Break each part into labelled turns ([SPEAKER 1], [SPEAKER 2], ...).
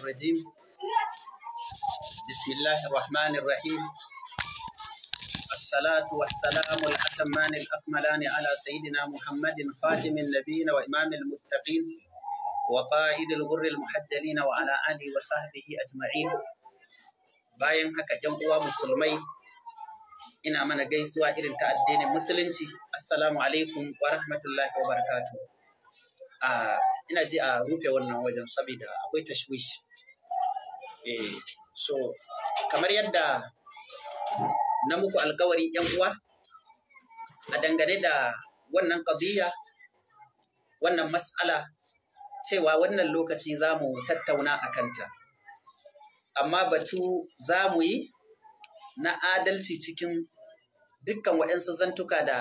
[SPEAKER 1] الرجيم بسم الله الرحمن الرحيم الصلاة والسلام الأتمان الأكملان على سيدنا محمد خاتم النبيين وإمام المتقين وقائد الغر المحجلين وعلى آله وصحبه أجمعين bayan haka ‘yan uwa musulmai ina mana gaisuwa irin ta addinin musulunci assalamu alaikum wa rahmatullahi wa barakatuh ina ji a rufe wannan wajen saboda akwai tashwish eh, so kamar yadda na muku alkawari yan uwa a dangane da wannan qadiyya wannan matsala, cewa wannan lokaci za mu tattauna a kanta amma batu za mu yi na adalci cikin dukkan waɗansu zantuka da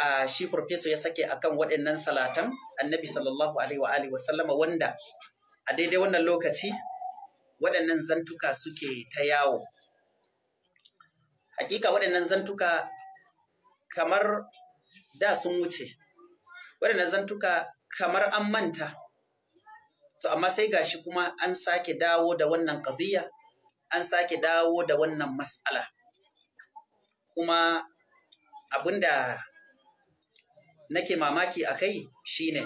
[SPEAKER 1] uh, shi profeso ya sake akan waɗannan salatan annabi sallallahu alaihi wa alihi wasallama wanda a daidai wannan lokaci waɗannan zantuka suke ta yawo hakika waɗannan zantuka kamar da sun wuce waɗannan zantuka kamar an manta to amma sai gashi kuma an sake dawo da wannan qadiyya an sake dawo da wannan mas'ala kuma abinda nake mamaki a kai shi ne.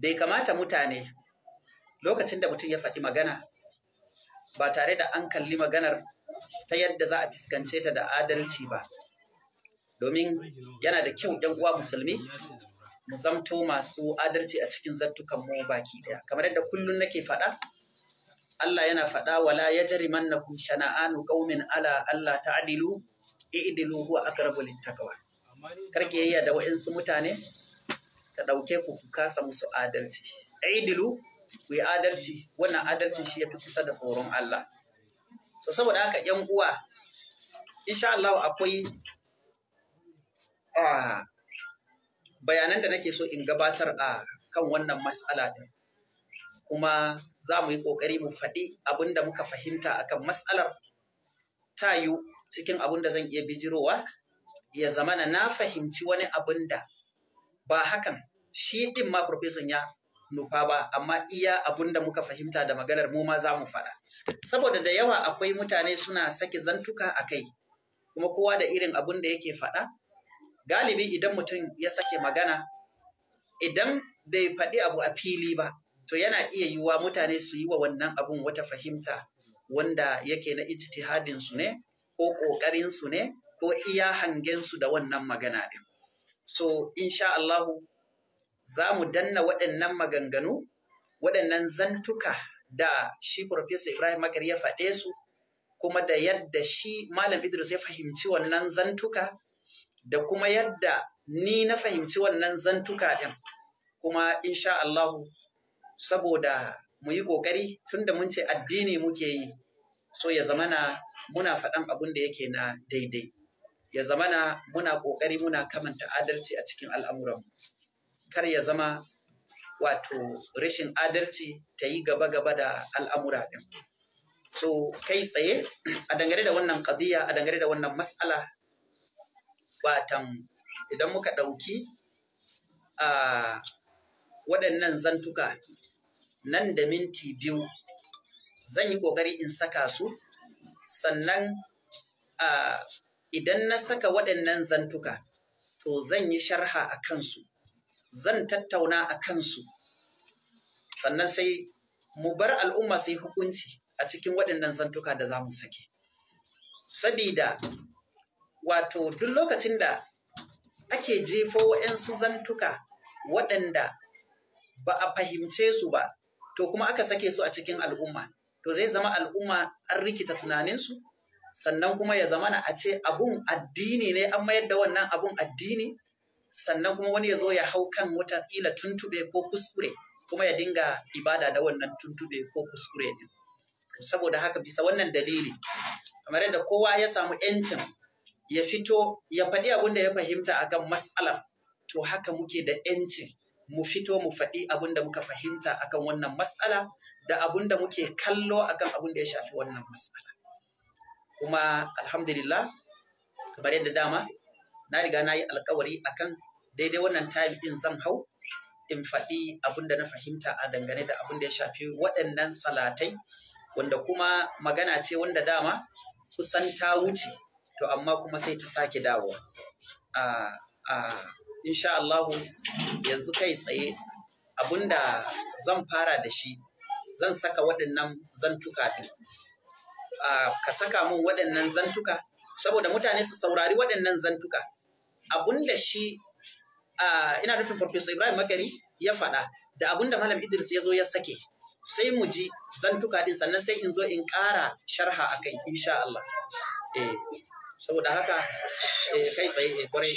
[SPEAKER 1] bai kamata mutane lokacin da mutum ya faɗi magana ba tare da an kalli maganar ta yadda za a fuskance ta da adalci ba domin yana da kyau ‘yan uwa musulmi mu zamto masu adalci a cikin zartukan mu baki ɗaya kamar yadda kullum nake faɗa Allah yana faɗa wala ya jari mannakum shana'anu ƙaumin ala Allah ta adilu, i'idilu huwa raba littaqwa karkiyayya da waɗansu mutane ta ɗauke ku ku kasa musu adalci aidilu ku yi adalci wannan adalcin shi ya fi kusa da tsoron Allah so saboda haka ‘yan uwa insha Allah akwai a bayanan da nake so in gabatar a kan wannan masala ɗin kuma za mu yi ƙoƙari mu faɗi abin da muka fahimta akan matsalar tayu cikin abin da zan iya bijirowa ya zamana na fahimci wani abun da ba hakan shi din ma profesan ya nufa ba amma iya abun da muka fahimta da maganar mu ma za mu faɗa saboda da yawa akwai mutane suna sake zantuka a kai kuma kowa da irin abun da yake faɗa galibi idan mutum ya sake magana idan bai faɗi abu a fili ba to yana iya yiwuwa mutane su yi wa wannan abun wata fahimta wanda yake na ijtihadin su ne ko ƙoƙarin su ne ko iya hangensu da wannan magana ɗin. So, insha Allahu, za mu danna waɗannan maganganu, waɗannan zantuka da shi Profesa Ibrahim Makar ya faɗe su, kuma da yadda shi Malam Idris ya fahimci wannan zantuka, da kuma yadda ni na fahimci wannan zantuka ɗin. Kuma insha Allahu, saboda mu yi ƙoƙari tunda mun ce addini muke yi, so ya zamana muna faɗan abin da yake na daidai. ya zamana muna ƙoƙari muna kamanta adalci a cikin al'amuran kar ya zama wato rashin adalci ta yi gaba-gaba da al'amura ɗin. So, kai tsaye a dangane da wannan ƙadiyya a dangane da wannan matsala watan idan muka ɗauki a waɗannan zantuka nan da minti biyu zan yi ƙoƙari in saka su sannan a idan na saka waɗannan zantuka to zan yi sharha a kansu zan tattauna a kansu sannan sai mu bar al'umma su hukunci a cikin waɗannan zantuka da za mu sake sabida wato duk lokacin da ake jefo wa'yansu zantuka waɗanda ba a fahimce su ba to kuma aka sake su a cikin al'umma to zai zama al'umma an rikita tunaninsu sannan kuma ya zamana a ce abun addini ne an mayar da wannan abun addini sannan kuma wani ya zo ya hau kan wata ila tuntuɓe ko kuskure kuma ya dinga ibada da wannan tuntube ko kuskure ne saboda haka bisa wannan dalili kamar yadda kowa ya samu ‘yancin ya fito ya faɗi abin da ya fahimta akan matsalar to haka muke da ‘yancin mu fito mu faɗi abin da muka fahimta akan wannan matsala da abin da muke kallo akan abin da ya shafi wannan matsala kuma alhamdulillah kamar yadda dama na riga na yi alkawari akan daidai wannan time din zan hau in faɗi abin da na fahimta a dangane da abin da ya shafi waɗannan salatai wanda kuma magana ce wanda dama kusan ta wuce to amma kuma sai ta sake dawo a insha Allahu yanzu kai tsaye abin da zan fara da shi zan saka waɗannan zan ɗin ka saka mun waɗannan zantuka saboda mutane su saurari waɗannan zantuka abun da shi ina nufin Professor Ibrahim Makari ya faɗa da abun da Malam Idris ya zo ya sake sai mu ji zantuka din sannan sai in zo in ƙara sharha a kai insha Allah eh saboda haka eh kai tsaye eh kwarai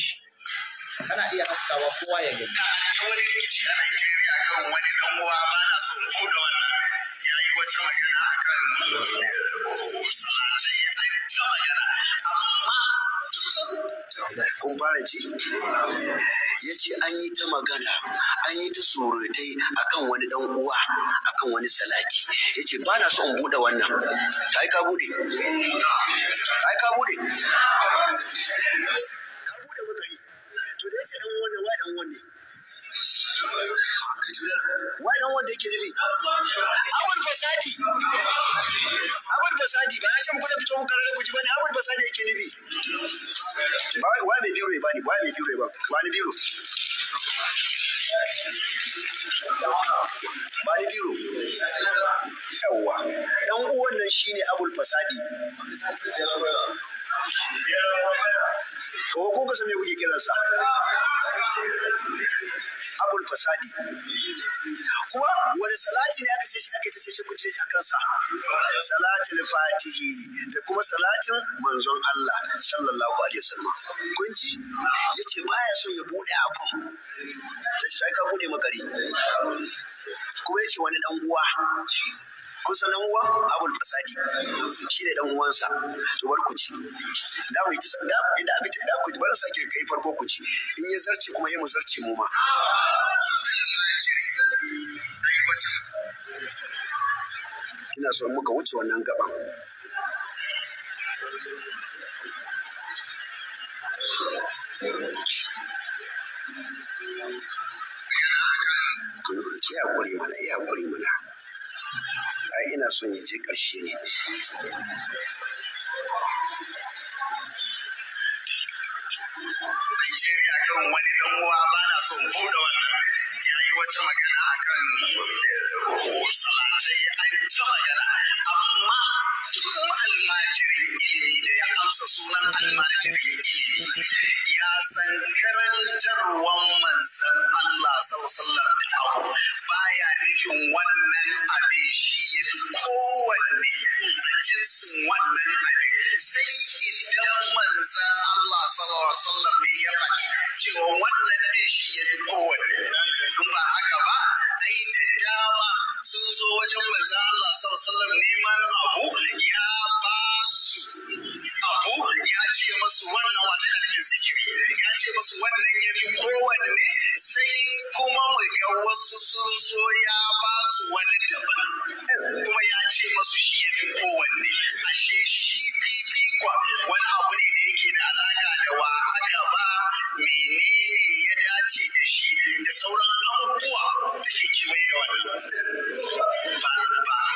[SPEAKER 1] kana iya haskawa
[SPEAKER 2] kowa ya gani wani kici Najeriya kan wani dan uwa ba na son ko da wannan yayi wata magana kun fara ji ya ce an yi ta magana an yi ta surutai akan wani dan uwa akan wani salati ya ce ba na son buɗe wannan ka ka buɗe fasadi ba ya ce muku da fito bane fasadi yake wa mai biro ba mai biro ba ba ni biro ba ni biro yawa dan uwan nan shine abul fasadi to ko ka san me kuke kiransa fasadi kuma wani salati ne aka ce shi aka ce shi kuce shi a kansa salatin fatihi da kuma salatin manzon Allah sallallahu alaihi wasallam kun ji yace baya son ya bude abu da shi ka bude makari kuma yace wani dan uwa kusa nan uwa abul fasadi shi ne dan uwansa to bar ku ci da mu ci da inda abita da ku bar sake kai farko ku ci in ya zarce kuma ya mu zarce mu ma ina so muka wuce wannan gaban ki hakuri mana ya hakuri mana ai ina son ya je ƙarshe ne Nigeria kan wani dan uwa yi wata magana akan eh, salatai an ta magana amma duk almajiri ilimi da ya amsa sunan almajiri ilimi ya san karantarwan manzan Allah sallallahu alaihi wasallam da abu baya nufin wannan abin shi ya fi kowanne a jinsin wannan abin sai idan manzan Allah sallallahu alaihi ne ya faɗi cewa wannan ɗin shi ya fi kowanne in ba haka ba ai da dama sun zo wajen manzan Allah sallallahu alaihi wasallam neman abu ya ba su abu ya ce masu wannan wata yin zikiri ya wannan ya fi kowanne sai kuma mu wasu sun so ya ba su wani daban kuma yace masu musu shi ya fi kowanne ashe shi fifikwa wani abu ne da yake da alaka da wa haka ba menene ya dace da shi da sauran abubuwa da ke kewaye da wannan ba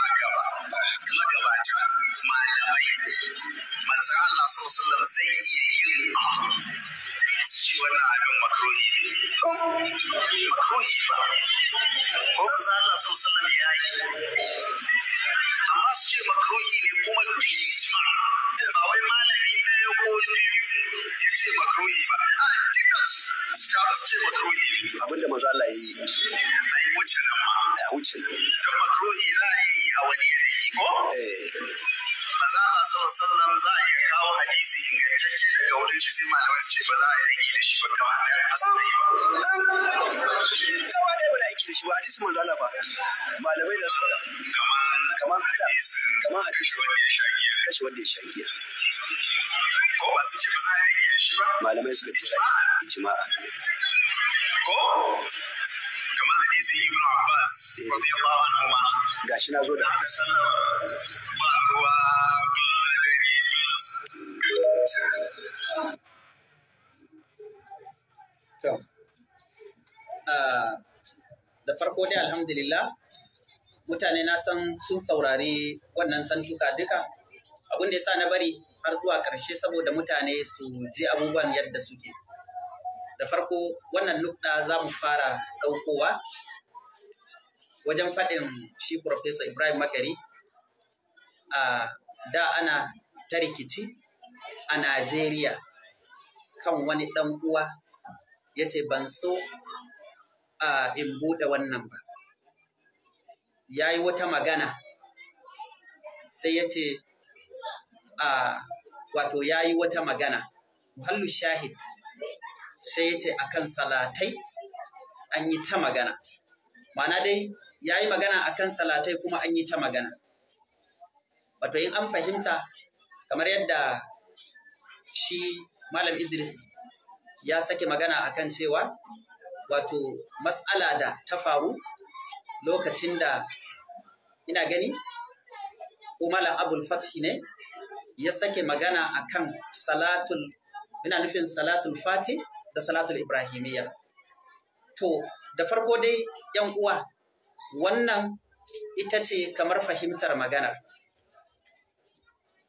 [SPEAKER 2] ijma'a ko kamar hadisi ibn abbas radiyallahu anhu ma shi na zo da ba ruwa ba dare
[SPEAKER 1] ba da farko dai alhamdulillah mutane na san sun saurari wannan santuka duka abin da ya sa na bari har zuwa ƙarshe saboda mutane su ji abubuwan yadda suke ke. da farko wannan nukta za mu fara ɗaukowa wajen faɗin shi Profesa Ibrahim Makari a da ana ta rikici a Najeriya kan wani ɗan uwa ya ce ban so a in buɗe wannan ba. Ya yi wata magana sai ya ce a wato ya yi wata magana. Muhallu shahid sai ya ce kan salatai an yi ta magana ma'ana dai ya yi magana a kan salatai kuma an yi ta magana wato yin an fahimta kamar yadda shi malam idris ya sake magana a kan cewa wato matsala da ta faru lokacin da ina gani ko malam abul Fatihi ne ya sake magana a kan salatul ina nufin salatul fatih da salatul ibrahimiyya to da farko dai yan uwa wannan ita ce kamar fahimtar maganar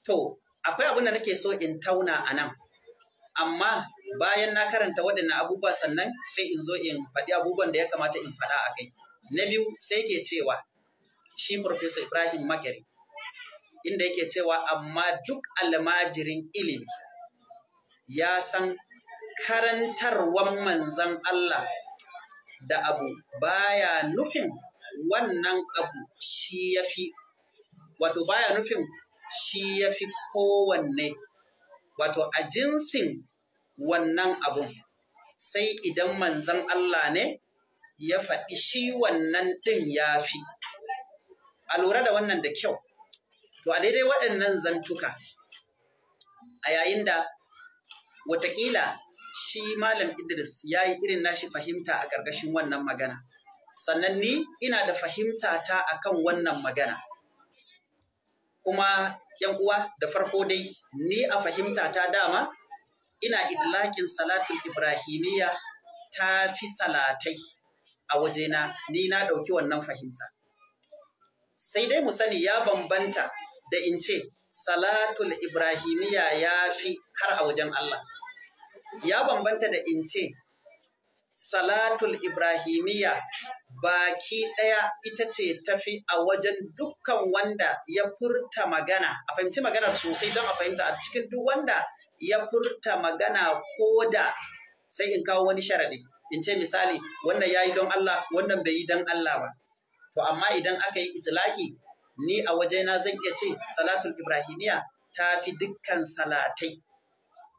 [SPEAKER 1] to akwai abin da nake so in tauna a nan amma bayan na karanta waɗannan abubuwa sannan sai in zo in faɗi abubuwan da ya kamata in faɗa a kai na biyu sai ke cewa shi Profesor Ibrahim Makari inda yake cewa amma duk almajirin ilimi ya san karantarwan manzan Allah da abu baya nufin wannan abu shi ya fi wato baya nufin shi ya fi kowanne wato a jinsin wannan abun sai idan manzan Allah ne ya faɗi shi wannan ɗin ya fi a lura da wannan da kyau to a daidai waɗannan zantuka a yayin da watakila shi Malam Idris ya yi irin nashi fahimta a ƙarƙashin wannan magana. Sannan ni ina da fahimta ta a kan wannan magana. Kuma ‘yan uwa da farko dai ni a fahimta ta dama ina idlakin salatul Ibrahimiyya ta fi salatai a wajena ni na ɗauki wannan fahimta. Sai dai mu sani ya bambanta da in ce salatul Ibrahimiyya ya fi har a wajen Allah. ya bambanta da in ce salatul ibrahimiyya baki ɗaya ita ce tafi a wajen dukkan wanda ya furta magana a fahimci magana sosai don a fahimta a cikin duk wanda ya furta magana ko da sai in kawo wani sharaɗi in ce misali wannan ya yi don Allah wannan bai yi don Allah ba to amma idan aka yi itilaki ni a waje na zan iya ce salatul ibrahimiyya ta fi dukkan salatai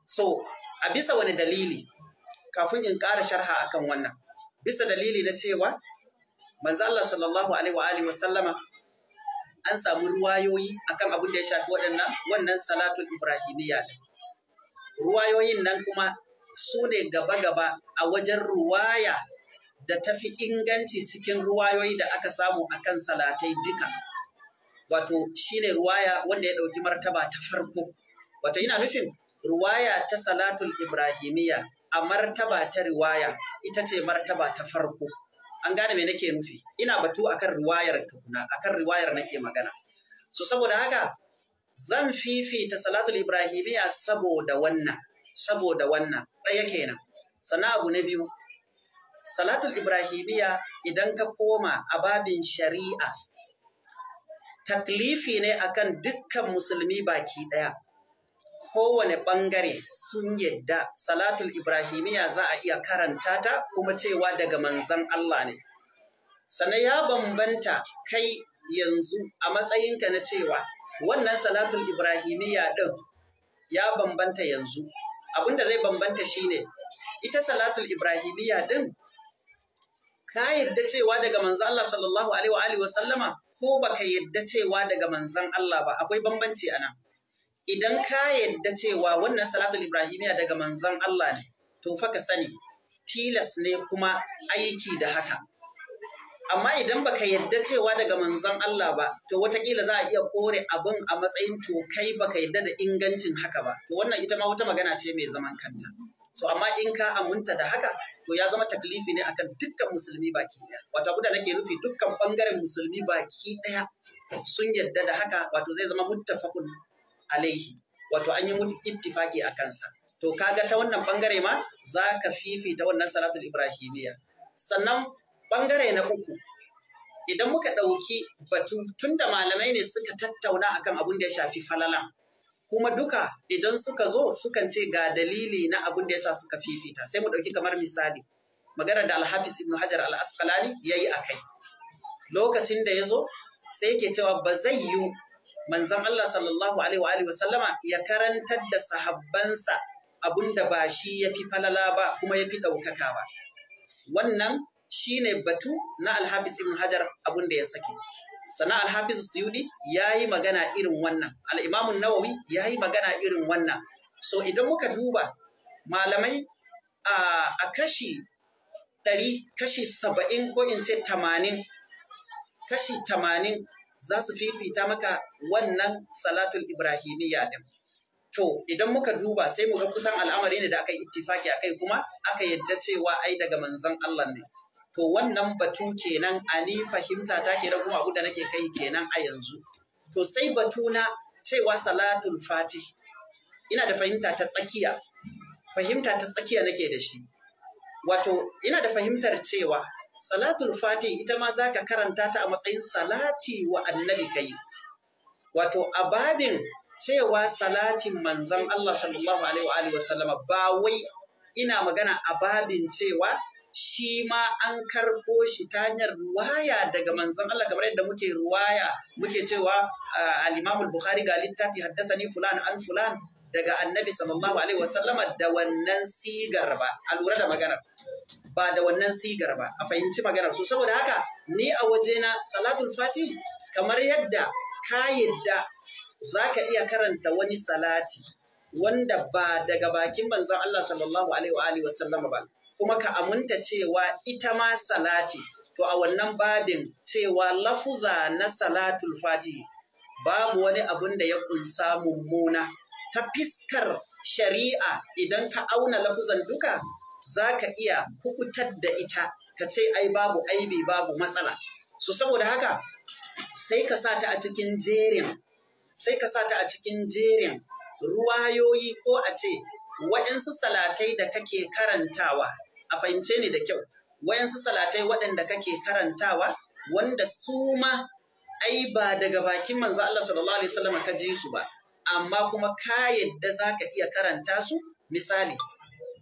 [SPEAKER 1] so a bisa wani dalili kafin in ƙara sharha akan wannan bisa dalili na cewa manzo Allah sallallahu alaihi wa alihi wasallama an samu ruwayoyi akan abin da ya shafi waɗannan wannan salatul ibrahimiyya ruwayoyin nan kuma su ne gaba-gaba a wajen ruwaya da tafi inganci cikin ruwayoyi da aka samu akan salatai duka wato shine ruwaya wanda ya ɗauki martaba ta farko wato yana nufin ruwaya ta salatul ibrahimiyya a martaba ta riwaya ita ce martaba ta farko an gane me nake nufi ina batu akan riwayar tukuna akan riwayar nake magana so saboda haka zan fifita salatul ibrahimiyya saboda wannan saboda wannan ɗaya kenan sana abu na biyu salatul ibrahimiyya idan ka koma a babin shari'a taklifi ne akan dukkan musulmi baki ɗaya kowane bangare sun yadda salatul Ibrahimiyya za a iya karanta ta kuma cewa daga manzan Allah ne. Sannan ya bambanta kai yanzu a matsayinka na cewa wannan salatul Ibrahimiyya ɗin ya bambanta yanzu. Abinda zai bambanta shine ita salatul Ibrahimiyya ɗin ka yadda cewa daga manzan Allah sallallahu alaihi wa sallama ko baka yadda cewa daga manzan Allah ba akwai bambanci a nan. idan ka yadda cewa wannan salatul ibrahimiya daga manzon Allah ne to fa ka sani tilas ne kuma aiki da haka amma idan baka yadda cewa daga manzon Allah ba to watakila za a iya kore abin a matsayin to kai baka yadda da ingancin haka ba to wannan ita ma wata magana ce mai zaman kanta so amma in ka amunta da haka to ya zama taklifi ne akan dukkan musulmi baki daya wato abu da nake nufi dukkan bangaren musulmi baki ɗaya sun yadda da haka wato zai zama muttafaqun alaihi wato an yi mutu ittifaki a kansa to kaga ta wannan bangare ma za ka fifita wannan salatul ibrahimiyya sannan bangare na uku idan muka ɗauki batu tunda malamai ne suka tattauna akan abin da ya shafi falala kuma duka idan suka zo sukan ce ga dalili na abin da yasa suka fifita sai mu ɗauki kamar misali magana da alhafiz ibn hajar al-asqalani yayi akai lokacin da ya zo sai ke cewa ba zai yiwu manzon Allah sallallahu alaihi wa sallama ya karantar da sahabbansa abinda ba shi yafi falala ba kuma yafi ɗaukaka ba wannan shine batu na Al-Hafiz Ibn Hajar abinda ya sake sana Al-Hafiz ya yayi magana irin wannan Al-Imam An-Nawawi yayi magana irin wannan so idan muka duba malamai a kashi ɗari kashi saba'in ko in ce tamanin kashi tamanin za su fifita maka wannan salatul ibrahimiyya din to idan muka duba sai mu ga kusan al'amari ne da aka yi ittifaki akai kuma aka yadda cewa ai daga manzon Allah ne to wannan batu kenan ni fahimta ta kenan kuma abu da nake kai kenan a yanzu to sai batu na cewa salatul Fati ina da fahimta ta tsakiya fahimta ta tsakiya nake da shi wato ina da fahimtar cewa salatul fati ita ma za ka karanta ta a matsayin salati wa annabi kai wato a babin cewa salatin manzan Allah sallallahu alaihi wa sallama ba wai ina magana a babin cewa shi ma an karɓo shi ta hanyar ruwaya daga manzan Allah kamar yadda muke ruwaya muke cewa al-Imam bukhari ga littafi haddasa ni fulan an fulan daga Annabi sallallahu alaihi wa sallama da wannan sigar ba a lura da magana. ba da wannan sigar ba a fahimci maganar su saboda haka ni a wajena salatul fati kamar yadda ka yadda za ka iya karanta wani salati wanda ba daga bakin manzan Allah sallallahu alaihi wa sallam ba kuma ka amunta cewa ita ma salati to a wannan babin cewa lafuza na salatul fati babu wani abun da ya kunsa mummuna ta fiskar shari'a idan ka auna lafuzan duka za ka iya kukutar da ita ka ce ai babu aibi babu matsala so saboda haka sai ka sa ta a cikin jerin sai ka sa ta a cikin jerin ruwayoyi ko a ce waɗansu salatai da kake karantawa a fahimce ni da kyau waɗansu salatai waɗanda kake karantawa wanda su ma ai ba daga bakin manzo Allah sallallahu alaihi wasallam ka ji su ba amma kuma ka yadda zaka iya karanta su misali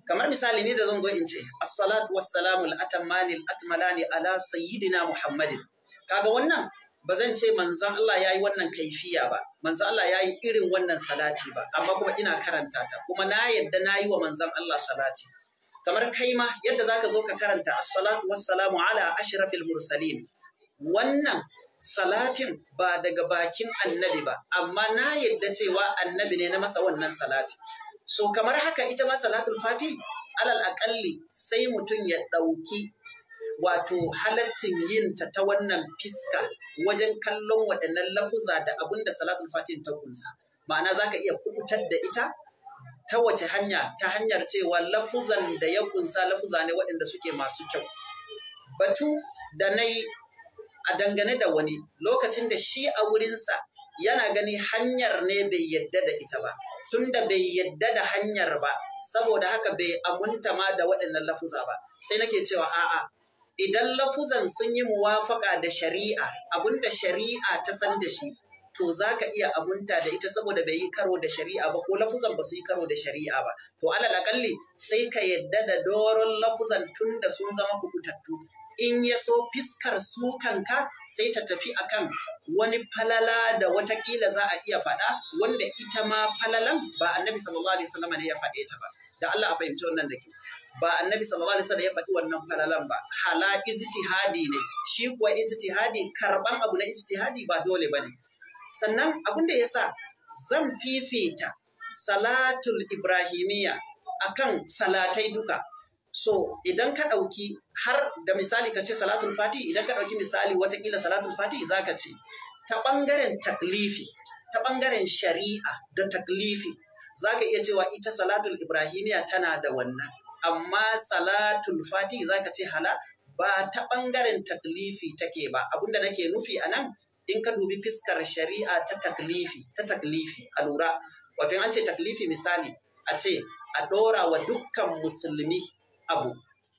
[SPEAKER 1] kamar misali ne da zan zo in ce assalatu wassalamu al-atammani al-akmalani ala sayyidina muhammadin kaga wannan ba zan ce manzan Allah yayi wannan kaifiya ba manzan Allah yayi irin wannan salati ba amma kuma ina karanta ta kuma na yadda nayi wa manzan Allah salati kamar kai ma yadda zaka zo ka karanta assalatu wassalamu ala ashrafil mursalin wannan salatin ba daga bakin annabi ba amma na yadda cewa annabi ne na masa wannan salati So kamar haka ita ma salatul fati alal aƙalli sai mutum ya ɗauki wato halaccin yin ta ta wannan fiska wajen kallon waɗannan lafuza da abin da salatul fatin ta kunsa. Ma'ana za ka iya kubutar da ita ta wace hanya ta hanyar cewa lafuzan da ya kunsa lafuza ne waɗanda suke masu kyau. Batu da na yi a dangane da wani lokacin da shi a wurinsa yana gani hanyar ne bai yadda da ita ba. tunda bai yadda da hanyar ba saboda haka bai amunta ma da waɗannan lafuza ba sai nake cewa a'a idan lafuzan sun yi muwafaka da shari'a abinda shari'a ta san da shi to za ka iya amunta da ita saboda bai yi karo da shari'a ba ko lafuzan ba su yi karo da shari'a ba to alal akalli sai ka yadda da doron lafuzan tun da sun zama kukutattu in ya so fiskar sukanka sai ta tafi akan wani falala da watakila za a iya faɗa wanda ita ma falalan ba annabi sallallahu alaihi wasallam ne ya faɗe ta ba da Allah a fahimci wannan da ba annabi sallallahu alaihi wasallam ya faɗi wannan falalan ba hala ijtihadi ne shi kuwa ijtihadi karban abu na ijtihadi ba dole bane sannan abin da yasa zan fifita salatul ibrahimiyya akan salatai duka So idan ka ɗauki har da misali ka ce salatul fati idan ka ɗauki misali watakila salatul fati za ka ce ta ɓangaren taklifi ta ɓangaren shari'a da taklifi za ka iya cewa ita salatul ibrahimiya tana da wannan amma salatul fati za ka ce hala ba ta ɓangaren taklifi take ba abinda nake nufi a nan in ka dubi fiskar shari'a ta taklifi ta taklifi a lura wato an ce taklifi misali a ce a ɗora wa dukkan musulmi abu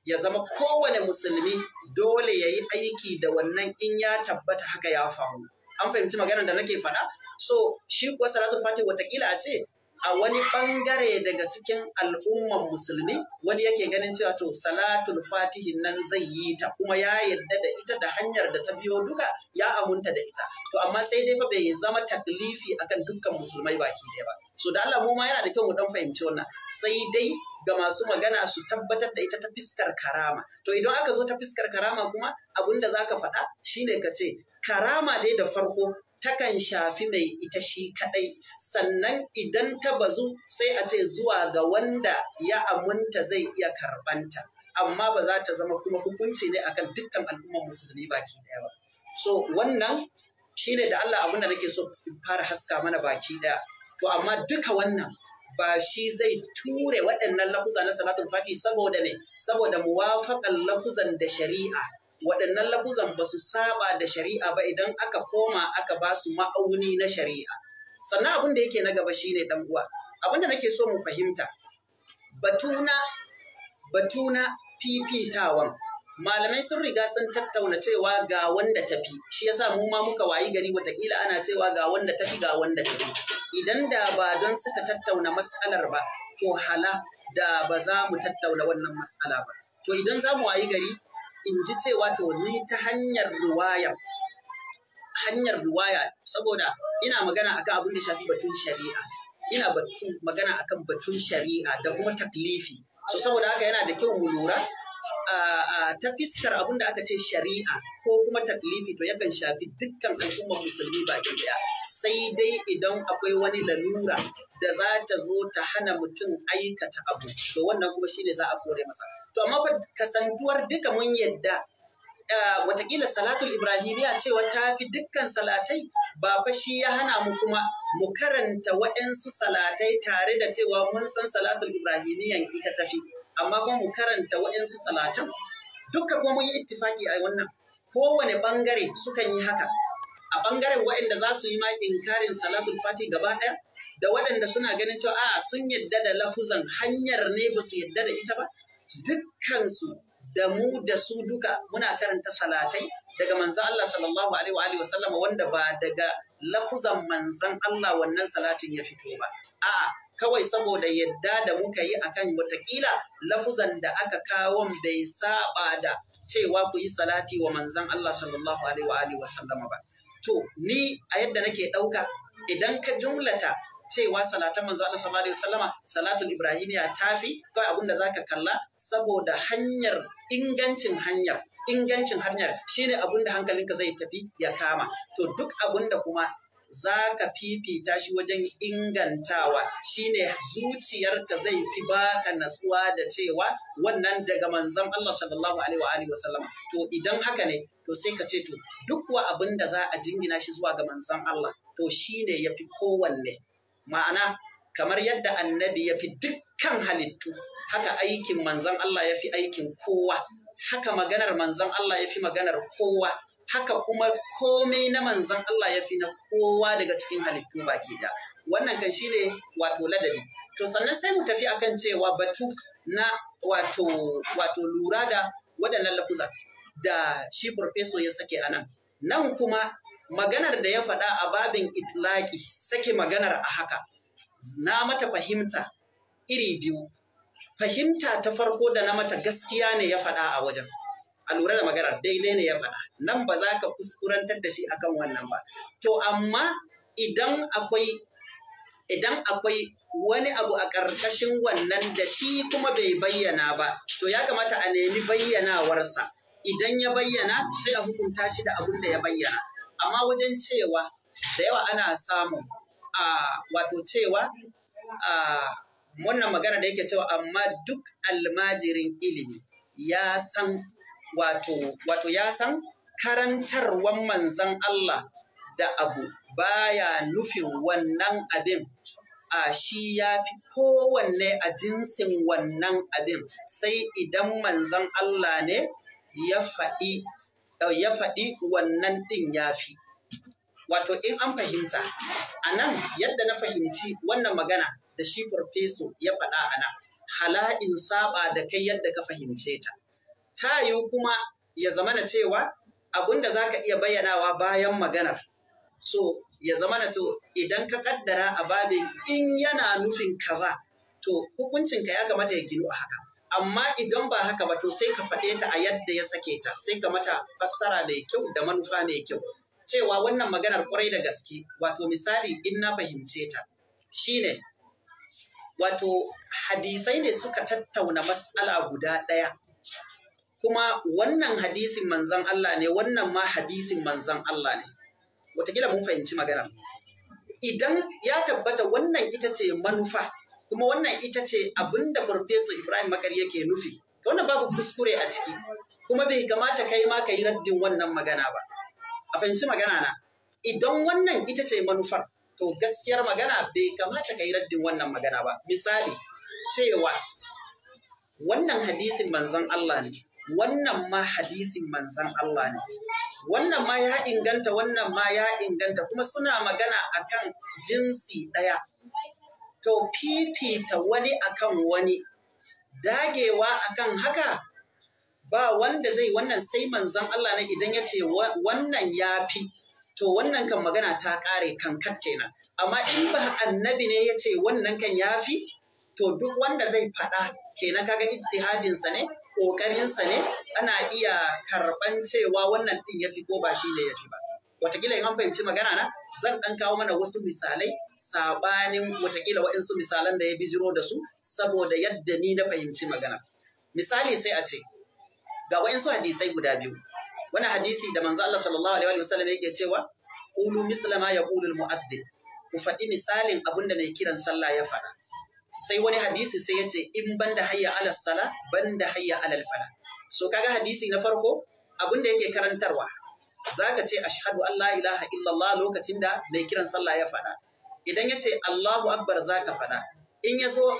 [SPEAKER 1] ya zama kowane musulmi dole ya yi aiki da wannan in ya tabbata haka ya faru an fahimci maganar da nake faɗa so shi kuwa salatun fati watakila a ce a wani bangare daga cikin al'umman musulmi wani yake ganin cewa to salatul fatihin nan zai yi ta kuma ya yadda da ita da hanyar da ta biyo duka ya amunta da ita to amma sai dai fa bai zama taklifi akan dukkan musulmai baki ɗaya ba so da Allah mu ma yana da kyau mu dan fahimci wannan sai dai ga masu magana su tabbatar da ita ta fiskar karama. To idan aka zo ta fiskar karama kuma abinda da za faɗa shine ka ce, karama dai da farko takan shafi mai ita shi kadai sannan idan ta bazu sai a ce zuwa ga wanda ya amunta zai iya karbanta amma ba za ta zama kuma hukunci ne akan dukkan al'ummar musulmi baki daya ba so wannan shine da Allah abin da nake so fara haska mana baki daya to amma duka wannan ba shi zai ture waɗannan lafuza na salatul fati saboda me saboda muwafaqan lafuzan da shari'a waɗannan lafuzan ba su saba da shari'a ba idan aka koma aka ba su ma'auni na shari'a sannan abin da yake na gaba shine dan uwa abin da nake so mu fahimta batuna fifitawan malamai sun riga sun tattauna cewa ga wanda tafi shi yasa mu ma muka wayi gari watakila ana cewa ga wanda tafi ga wanda tafi idan da ba don suka tattauna matsalar ba to hala da ba za mu tattauna wannan matsala ba to idan za mu wayi gari in ji cewa to ni ta hanyar riwaya hanyar riwaya saboda ina magana akan abin da shafi batun shari'a ina batun magana akan batun shari'a da kuma taklifi so saboda haka yana da kyau mu lura ta fiskar abin da aka ce shari'a ko kuma taklifi to yakan shafi dukkan al'ummar musulmi bakin daya sai dai idan akwai wani lalura da za ta zo ta hana mutum aikata abu to wannan kuma shine za a kore masa to amma fa kasantuwar duka mun yadda watakila salatul ibrahimiya cewa ta fi dukkan salatai ba fa shi ya hana mu kuma mu karanta waɗansu salatai tare da cewa mun san salatul ibrahimiyan ita tafi amma ba mu karanta waɗansu salatan dukka kuma mun yi ittifaki a wannan kowane bangare sukan yi haka a bangaren waɗanda za su yi ma inkarin salatul fati gaba ɗaya da waɗanda suna ganin cewa a sun yadda da lafuzan hanyar ne ba su yadda da ita ba dukkansu da mu da su duka muna karanta salatai daga manzan Allah sallallahu alaihi wa sallam wanda ba daga lafuzan manzan Allah wannan salatin ya fito ba a'a kawai saboda yadda da muka yi a kan watakila lafuzan da aka kawo bai saba da cewa ku yi salati wa manzan Allah sallallahu alaihi wa alihi ba to ni a yadda nake dauka idan ka jumlata cewa salatan manzo Allah sallallahu alaihi wasallama salatul ibrahimiya tafi kawai abinda zaka kalla saboda hanyar ingancin hanyar ingancin hanyar shine abinda hankalinka zai tafi ya kama to duk abinda kuma za ka fifita shi wajen ingantawa shine zuciyarka zai fi baka natsuwa da cewa wannan daga manzon Allah sallallahu alaihi wa to idan haka ne to sai ka ce to duk wa abin da za a jingina shi zuwa ga manzon Allah to shine yafi kowanne ma'ana kamar yadda annabi yafi dukkan halittu haka aikin manzon Allah yafi aikin kowa haka maganar manzon Allah ya fi maganar kowa haka kuma komai na manzan Allah ya fi na kowa daga cikin halittu baki da wannan kan shine wato ladabi to sannan sai mu tafi akan cewa batu na wato lura da waɗannan lafuza da shi professor ya sake anan nan kuma maganar da ya faɗa a babin itlaki sake maganar a haka na mata fahimta iri biyu fahimta ta farko da na mata gaskiya ne ya faɗa a wajen a lura da magana daidai ne ya faɗa nan ba za ka kuskurantar da shi akan wannan ba to amma idan akwai idan akwai wani abu a ƙarƙashin wannan da shi kuma bai bayyana ba to ya kamata a nemi bayyanawarsa idan ya bayyana sai a hukunta shi da abin da ya bayyana amma wajen cewa da yawa ana samun a wato cewa a wannan magana da yake cewa amma duk almajirin ilimi ya san wato wato ya san karantarwan manzan Allah da abu baya nufin wannan abin a shi ya fi kowanne a jinsin wannan abin sai idan manzan Allah ne eh, ya faɗi wannan ɗin ya fi. Wato in an fahimta, a nan yadda na fahimci wannan magana da shi farfeso ya faɗa a nan, hala'in saba da kai yadda ka fahimce ta. ta yiwu kuma ya zama na cewa abin da za ka iya bayyanawa bayan maganar so ya zama na to idan ka kaddara a babin in yana nufin kaza to hukuncinka ya kamata ya gino a haka amma idan ba haka ba to sai ka faɗe ta a yadda ya sake ta sai ka mata fassara mai kyau da manufa mai kyau cewa wannan maganar kwarai da gaske wato misali in na fahimce ta shine wato hadisai ne suka tattauna mas'ala guda ɗaya kuma wannan hadisin manzan Allah ne wannan ma hadisin manzan Allah ne wataƙila mun fahimci magana idan ya tabbata wannan ita ce manufa kuma wannan ita ce abinda farfesa Ibrahim Makar yake nufi wannan babu kuskure a ciki kuma bai kamata kai ma ka yi raddin wannan magana ba a fahimci magana na idan wannan ita ce manufar to gaskiyar magana bai kamata ka yi raddin wannan magana ba misali cewa wannan hadisin manzan Allah ne wannan ma hadisin manzan Allah ne wannan ma ya inganta wannan ma ya inganta kuma suna magana akan jinsi ɗaya to fifita wani akan wani dagewa akan haka ba wanda zai wannan sai manzan Allah ne idan ya ce wannan ya fi to wannan kan magana ta ƙare kankat kenan amma in ba annabi ne ya ce wannan kan ya fi to duk wanda zai faɗa kenan kaga ijtihadinsa ne ƙoƙarinsa ne ana iya karɓan cewa wannan ɗin ya fi ko ba shi ne ya fi ba. Watakila in an fahimci magana na zan ɗan kawo mana wasu misalai sabanin watakila waɗansu misalan da ya bijiro da su saboda yadda ni na fahimci magana. Misali sai a ce ga waɗansu hadisai guda biyu. Wani hadisi da manzo Allah sallallahu alaihi wa sallam yake cewa qulu misla ya yaqulu al ku faɗi misalin abin mai kiran sallah ya faɗa. sai wani hadisi sai ya ce in da hayya alal sala da hayya alal fala so kaga hadisi na farko abin da yake karantarwa zaka ce ashhadu an la ilaha illallah lokacin da mai kiran sallah ya fada idan ya ce Allahu akbar zaka fada in ya zo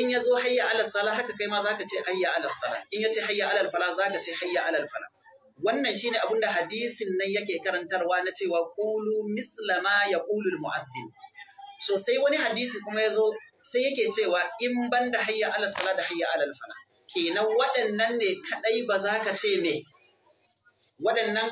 [SPEAKER 1] in ya zo hayya alal sala haka kai ma zaka ce hayya alal sala in ya ce hayya alal fala zaka ce hayya alal fala wannan shine abin da hadisin nan yake karantarwa na cewa qulu misla ma yaqulu al mu'addin so sai wani hadisi kuma ya zo sai yake cewa in ban da hayya alal sala da hayya alal fala kenan waɗannan ne kadai ba za ka ce me waɗannan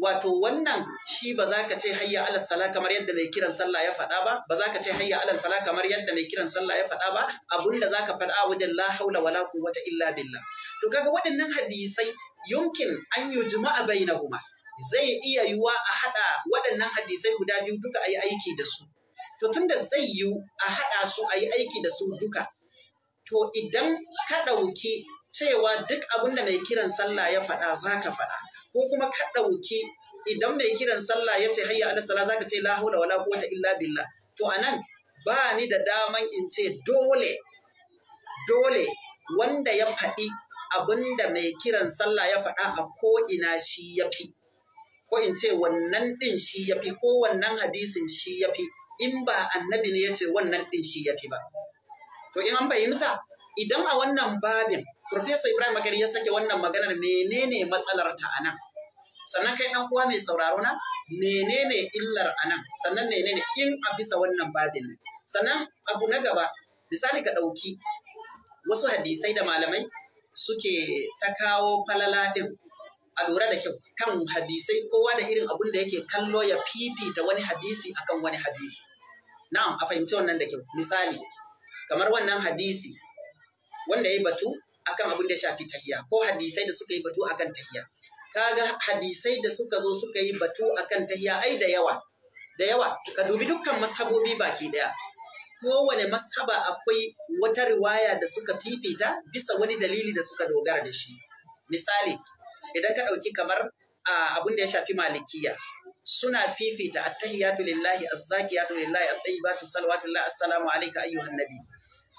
[SPEAKER 1] wato wannan shi ba za ka ce hayya alal sala kamar yadda mai kiran sallah ya faɗa ba ba za ka ce hayya alal fala kamar yadda mai kiran sallah ya faɗa ba abun da za ka faɗa wajen la haula wala quwwata illa billah to kaga waɗannan hadisai yumkin an yujma'a bainahuma zai iya yiwa a haɗa waɗannan hadisai guda biyu duka a yi aiki da su to tunda zai yiwu a haɗa su a yi aiki da su duka to idan ka ɗauki cewa duk abin da mai kiran sallah ya faɗa za ka faɗa ko kuma ka ɗauki idan mai kiran sallah ya ce hayya ala sallah za ka ce la haula wala quwwata illa billah to anan ba ni da daman in ce dole dole wanda ya faɗi abin da mai kiran sallah ya faɗa a ko ina shi ya fi ko in ce wannan ɗin shi ya fi ko wannan hadisin shi ya fi in ba annabi ne ya ce wannan ɗin shi ya fi ba. To in an fahimta idan a wannan babin Profesa Ibrahim Magari ya sake wannan maganar menene matsalar ta anan. Sannan kai ɗan uwa mai sauraro na menene illar anan sannan menene in a bisa wannan babin ne. Sannan abu na gaba misali ka ɗauki wasu hadisai da malamai suke ta kawo falala ɗin a lura da kyau kan hadisai kowa da irin abun da yake kallo ya fifita wani hadisi akan wani hadisi na'am a fahimci wannan da kyau misali kamar wannan hadisi wanda ya batu akan abin da ya shafi tahiya ko hadisai da suka yi batu akan tahiya kaga hadisai da suka zo suka yi batu akan tahiya ai da yawa da yawa ka dubi dukkan mashabobi baki daya kowane mashaba akwai wata riwaya da suka fifita bisa wani dalili da suka dogara da shi misali idan ka ɗauki kamar ah, abin da ya shafi malikiya suna fifita attahiyatu lillahi azzakiyatu lillahi at-tayyibatu salawatu lillahi assalamu alayka ayyuhan annabi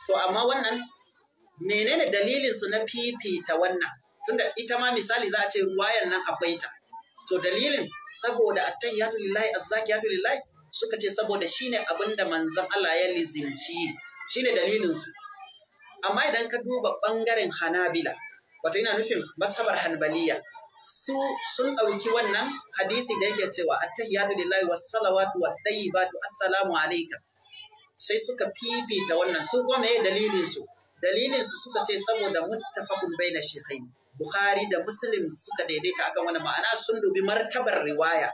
[SPEAKER 1] to amma wannan menene dalilin su na fifita wannan tunda ita ma misali za a ce wayan nan akwai ta to dalilin saboda attahiyatu lillahi azzakiyatu lillahi suka ce saboda shine abinda manzon Allah ya lizinci shine dalilin su amma idan ka duba bangaren Hanabila wato ina nufin masabar Hanbaliya su sun ɗauki wannan hadisi da yake cewa attahiyatu lillahi was salawatu wat tayyibatu assalamu alayka sai suka fifita wannan su kuma meye dalilin su dalilin su suka ce saboda muttafaqun baina shaykhain bukhari da muslim suka daidaita akan wannan ma'ana sun dubi martabar riwaya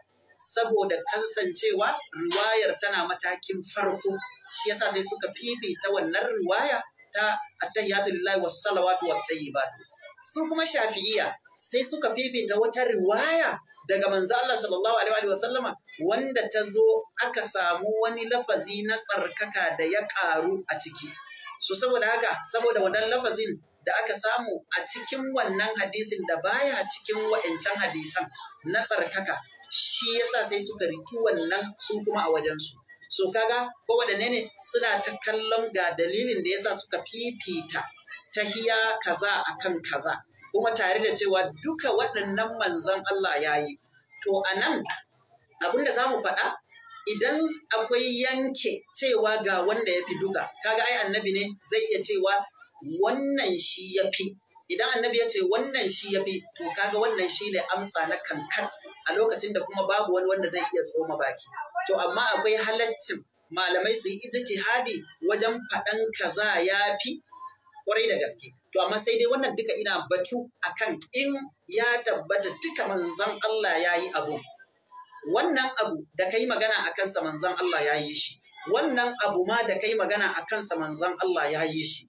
[SPEAKER 1] saboda kasancewa riwayar tana matakin farko shi yasa sai suka fifita wannan riwaya ta attahiyatu lillahi was salawatu wat tayyibatu su kuma shafi'iyya sai suka fifita wata riwaya daga manzo Allah sallallahu alaihi wa sallama wanda ta zo aka samu wani lafazi na tsarkaka da ya karu a ciki. So saboda haka, saboda wannan lafazin da aka samu a cikin wannan hadisin da baya cikin wa'ancan hadisan na tsarkaka, shi yasa sai suka riki wannan su kuma a wajensu. So kaga ko wadanne ne suna ta kallon ga dalilin da yasa suka fifita tahiya kaza akan kaza. kuma tare da cewa duka waɗannan manzan Allah ya yi. To a nan abin da za mu faɗa idan akwai yanke cewa ga wanda ya fi duka, kaga ai annabi ne zai iya cewa wannan shi ya fi. Idan annabi ya ce wannan shi ya fi, to kaga wannan shi ne amsa na kankat a lokacin da kuma babu wani wanda zai iya tsoma baki. To amma akwai halaccin malamai su yi ijtihadi wajen faɗan kaza ya fi kwarai da gaske. To amma sai dai wannan duka ina batu akan in ya tabbata duka manzan Allah ya yi abu. Wannan abu da ka yi magana a kansa manzan Allah ya yi shi. Wannan abu ma da ka yi magana a kansa manzan Allah ya yi shi.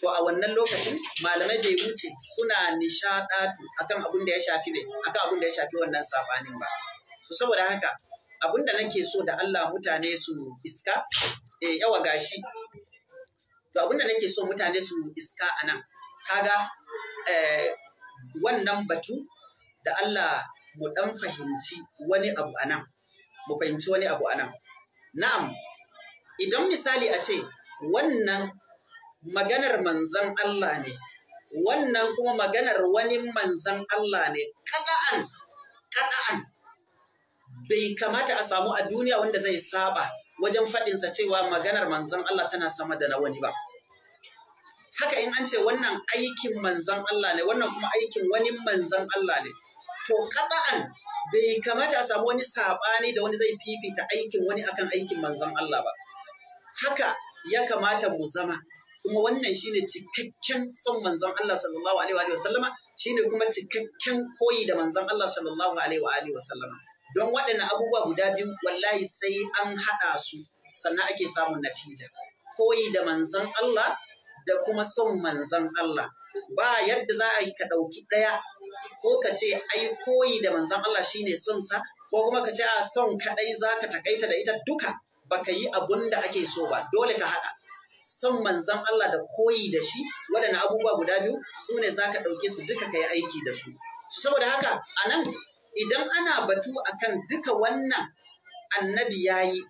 [SPEAKER 1] To a wannan lokacin malamai bai wuce suna nishaɗatu akan abin da ya shafi ne, akan abin da ya shafi wannan sabanin ba. So saboda haka abin da nake so da Allah mutane su iska, e, yawa gashi to abinda nake so mutane su iska a nan kaga eh, wannan batu da Allah mu dan fahimci wani abu a nan mu fahimci wani abu a nan na'am idan misali a ce wannan maganar manzan Allah ne wannan kuma maganar wani manzan Allah ne kada'an kada'an bai kamata a samu a duniya wanda zai saba wajen faɗinsa cewa maganar manzan Allah tana sama da na wani ba. Haka in an ce wannan aikin manzan Allah ne, wannan kuma aikin wani manzan Allah ne. To, ƙaɗa'an bai kamata a samu wani saɓani da wani zai fifita aikin wani akan aikin manzan Allah ba. Haka ya kamata mu zama, kuma wannan shine cikakken son manzan Allah sallallahu alaihi wa sallama, shine kuma cikakken koyi da manzan Allah sallallahu alaihi wa sallama. don waɗannan abubuwa guda biyu wallahi sai an haɗa su sannan ake samun natija koyi da manzan Allah da kuma son manzan Allah ba yadda za a yi ka ɗauki ɗaya ko ka ce ai koyi da manzan Allah shine son sa ko kuma ka ce a son kaɗai za ka takaita da ita duka baka yi abun da ake so ba dole ka haɗa son manzan Allah da koyi da shi waɗannan abubuwa guda biyu su ne za ka ɗauke su duka ka yi aiki da su saboda haka a nan idan ana batu akan duka wannan annabi yayi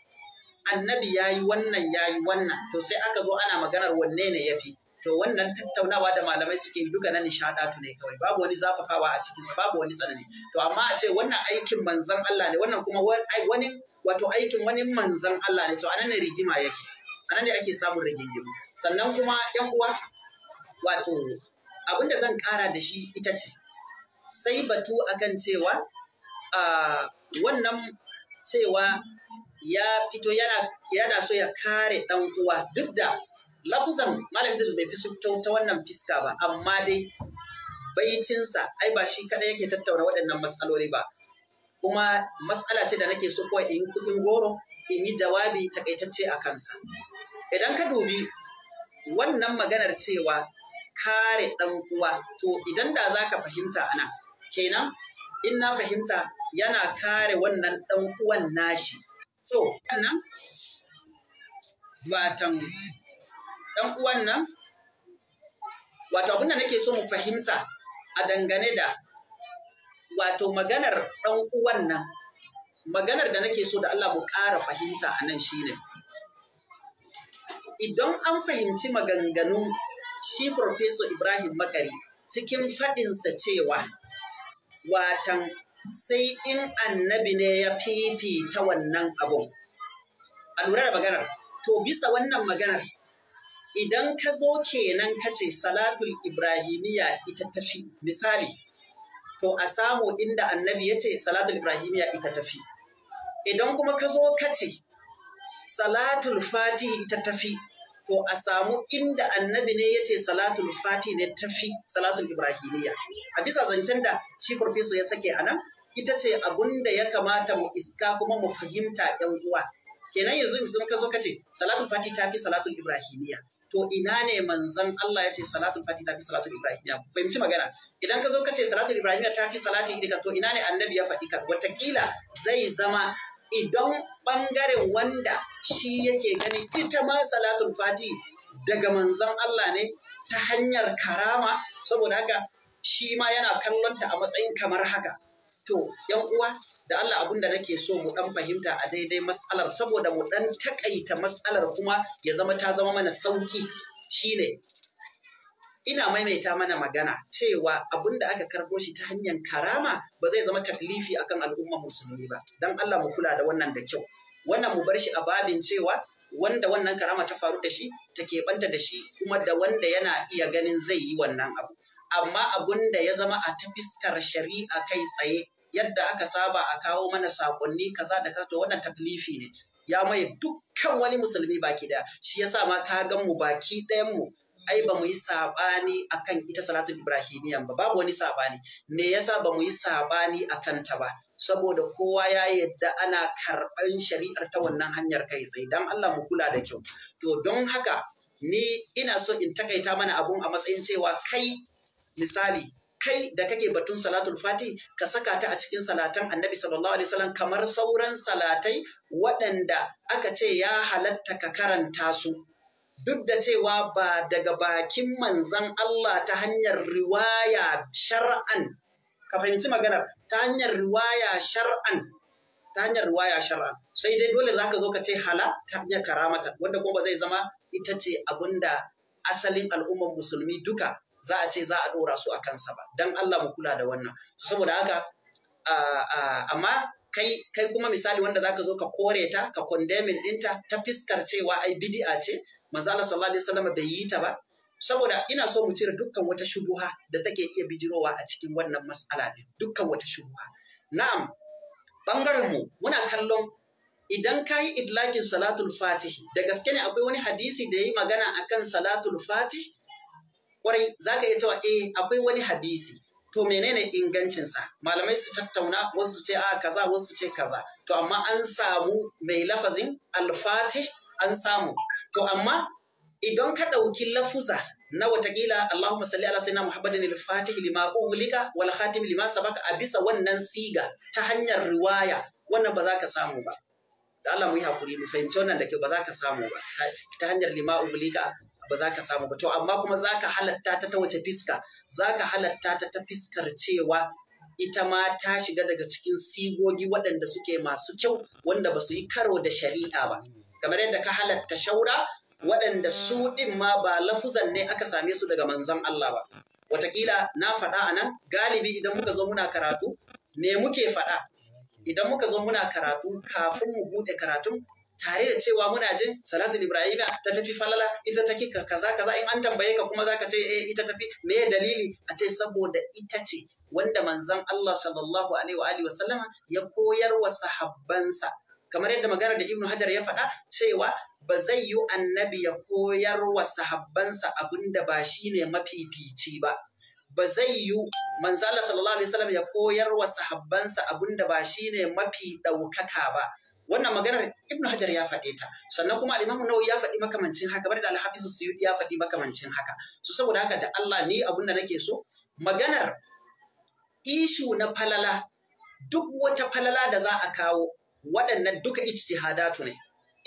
[SPEAKER 1] annabi yayi wannan yayi wannan to sai aka zo ana maganar wanne ne yafi to wannan tattaunawa da malamai suke yi duka na nishadatu ne kawai babu wani zafafawa a cikinsa babu wani tsanani to amma a ce wannan aikin manzan Allah ne wannan kuma wani wato aikin wani manzan Allah ne to anan ne rigima yake anan ne ake samun rigingimu sannan kuma yan uwa wato abinda zan kara da shi ita ce sai batu akan cewa wannan cewa ya fito yana yana so ya kare ɗan uwa duk da lafuzan malam Idris bai fito ta wannan fiska ba amma dai baicinsa ai ba shi kada yake tattauna waɗannan matsaloli ba kuma matsala ce da nake so kawai in yi kuɗin goro in yi jawabi takaitacce a kansa idan ka dubi wannan maganar cewa kare ɗan uwa to idan da za ka fahimta ana kenan in na fahimta yana kare wannan ɗan uwan nashi to watan ɗan uwan nan wato abin da nake so mu fahimta a dangane da wato maganar ɗan uwan nan maganar da nake so da Allah mu ƙara fahimta a nan shine idan an fahimci maganganu shi Professor Ibrahim Makari cikin faɗinsa cewa watan sai in annabi ne ya fifita wannan abun. A lura da maganar, to bisa wannan maganar, idan ka zo kenan ka ce salatul Ibrahimiyya ita tafi, misali, to a samu inda annabi ya ce salatul Ibrahimiyya ita tafi. Idan kuma ka zo ka ce salatul Fatihi ita tafi, to a samu inda annabi ne ya ce salatul fati ne tafi salatul ibrahimiyya a bisa zancen da shi farfesa ya sake a nan ita ce abun da ya kamata mu iska kuma mu fahimta yan uwa kenan yanzu sun ka zo ka ce salatul fati tafi salatul ibrahimiyya to ina ne manzon Allah ya ce salatul fati tafi salatul ibrahimiyya fahimci magana idan ka zo ka ce salatul ibrahimiyya tafi salatul idrika to ina ne annabi ya faɗi ka watakila zai zama idan ɓangaren wanda shi yake gani ita ma salatul fati daga manzan Allah ne ta hanyar karama saboda haka shi ma yana kallonta a matsayin kamar haka to yan uwa da Allah abin da nake so mu dan fahimta a daidai matsalar saboda mu dan takaita matsalar kuma ya zama ta zama mana sauki shine ina maimaita mana magana cewa abin da aka karbo shi ta hanyar karama ba zai zama taklifi akan al'ummar musulmi ba dan Allah mu kula da wannan da kyau wannan mu bar shi a babin cewa wanda wannan karama ta faru da shi ta keɓanta da shi kuma da wanda yana iya ganin zai yi wannan abu amma abun da ya zama a ta shari'a kai tsaye yadda aka saba a kawo mana sakonni kaza da kaza to wannan taklifi ne ya maye dukkan wani musulmi baki daya shi yasa ma ka gan mu baki ɗayan mu ai ba mu yi sabani akan ita salatu ibrahimiyan ba babu wani sabani me yasa ba mu yi sabani akan ta ba saboda kowa ya yadda ana karɓan shari'ar ta wannan hanyar kai tsaye dan Allah mu kula da kyau to don haka ni ina so in takaita mana abun a matsayin cewa kai misali kai da kake batun salatul fati ka saka ta a cikin salatan annabi sallallahu alaihi wasallam kamar sauran salatai waɗanda aka ce ya halatta ka karanta su duk da cewa ba daga bakin manzan Allah ta hanyar riwaya shar'an ka fahimci maganar ta hanyar riwaya shar'an ta hanyar riwaya shar'an sai dai dole zaka zo ka ce hala ta hanyar karamata wanda kuma ba zai zama ita ce abinda asalin al'ummar musulmi duka za a ce za a ɗora su a kansa ba don Allah mu kula da wannan saboda haka amma kai kai kuma misali wanda zaka zo ka kore ta ka condemning ɗinta ta fiskar cewa ai bidi'a ce manzo sallallahu alaihi wasallam bai yi ta ba saboda ina so mu cire dukkan wata shubuha da take iya bijirowa a cikin wannan mas'ala din dukkan wata shubuha na'am bangaren mu muna kallon idan ka yi idlakin salatul fatih da gaske ne akwai wani hadisi da yi magana akan salatul fatih kwarai za ka iya cewa eh akwai wani hadisi to menene ingancinsa malamai su tattauna wasu ce a ah, kaza wasu ce kaza to amma an samu mai lafazin alfatih an samu To amma idan ka ɗauki lafuza na watakila Allahumma salli ala sayyidina Muhammadin al-Fatihi lima ughliqa wal khatim lima sabaka a bisa wannan siga ta hanyar riwaya wannan ba za ka samu ba. Da Allah mu yi hakuri mu fahimci wannan da ke ba za ka samu ba ta hanyar lima ughliqa ba za ka samu ba to amma kuma za ka halatta ta ta wace fiska za ka halatta ta ta fiskar cewa ita ma ta shiga daga cikin sigogi waɗanda suke masu kyau wanda ba su yi karo da shari'a ba. kamar yadda ka halatta shaura waɗanda su ɗin ma ba lafuzan ne aka same su daga manzon Allah ba Wataƙila na faɗa a nan galibi idan muka zo muna karatu me muke faɗa idan muka zo muna karatu kafin mu buɗe karatun tare da cewa muna jin salatul ibrahima ta tafi falala ita take kaza kaza in an tambaye ka kuma zaka ce eh ita tafi me dalili a ce saboda ita ce wanda manzon Allah sallallahu alaihi wa alihi ya koyar wa sahabbansa kamar yadda magana da Ibn Hajar ya faɗa cewa ba zai yi annabi ya koyar wa sahabbansa abin da ba shi ne mafifici ba. Ba zai yi manzala sallallahu alaihi wasallam ya koyar wa sahabbansa abin da ba shi ne mafi ɗaukaka ba. Wannan maganar Ibn Hajar ya faɗe ta, sannan kuma Al'imamu Nawawi ya faɗi makamancin haka, bar da alhafizu Suyuti ya faɗi makamancin haka. So saboda haka da Allah ni abin da nake so, maganar ishu na falala duk wata falala da za a kawo waɗannan duka ijtihadatu ne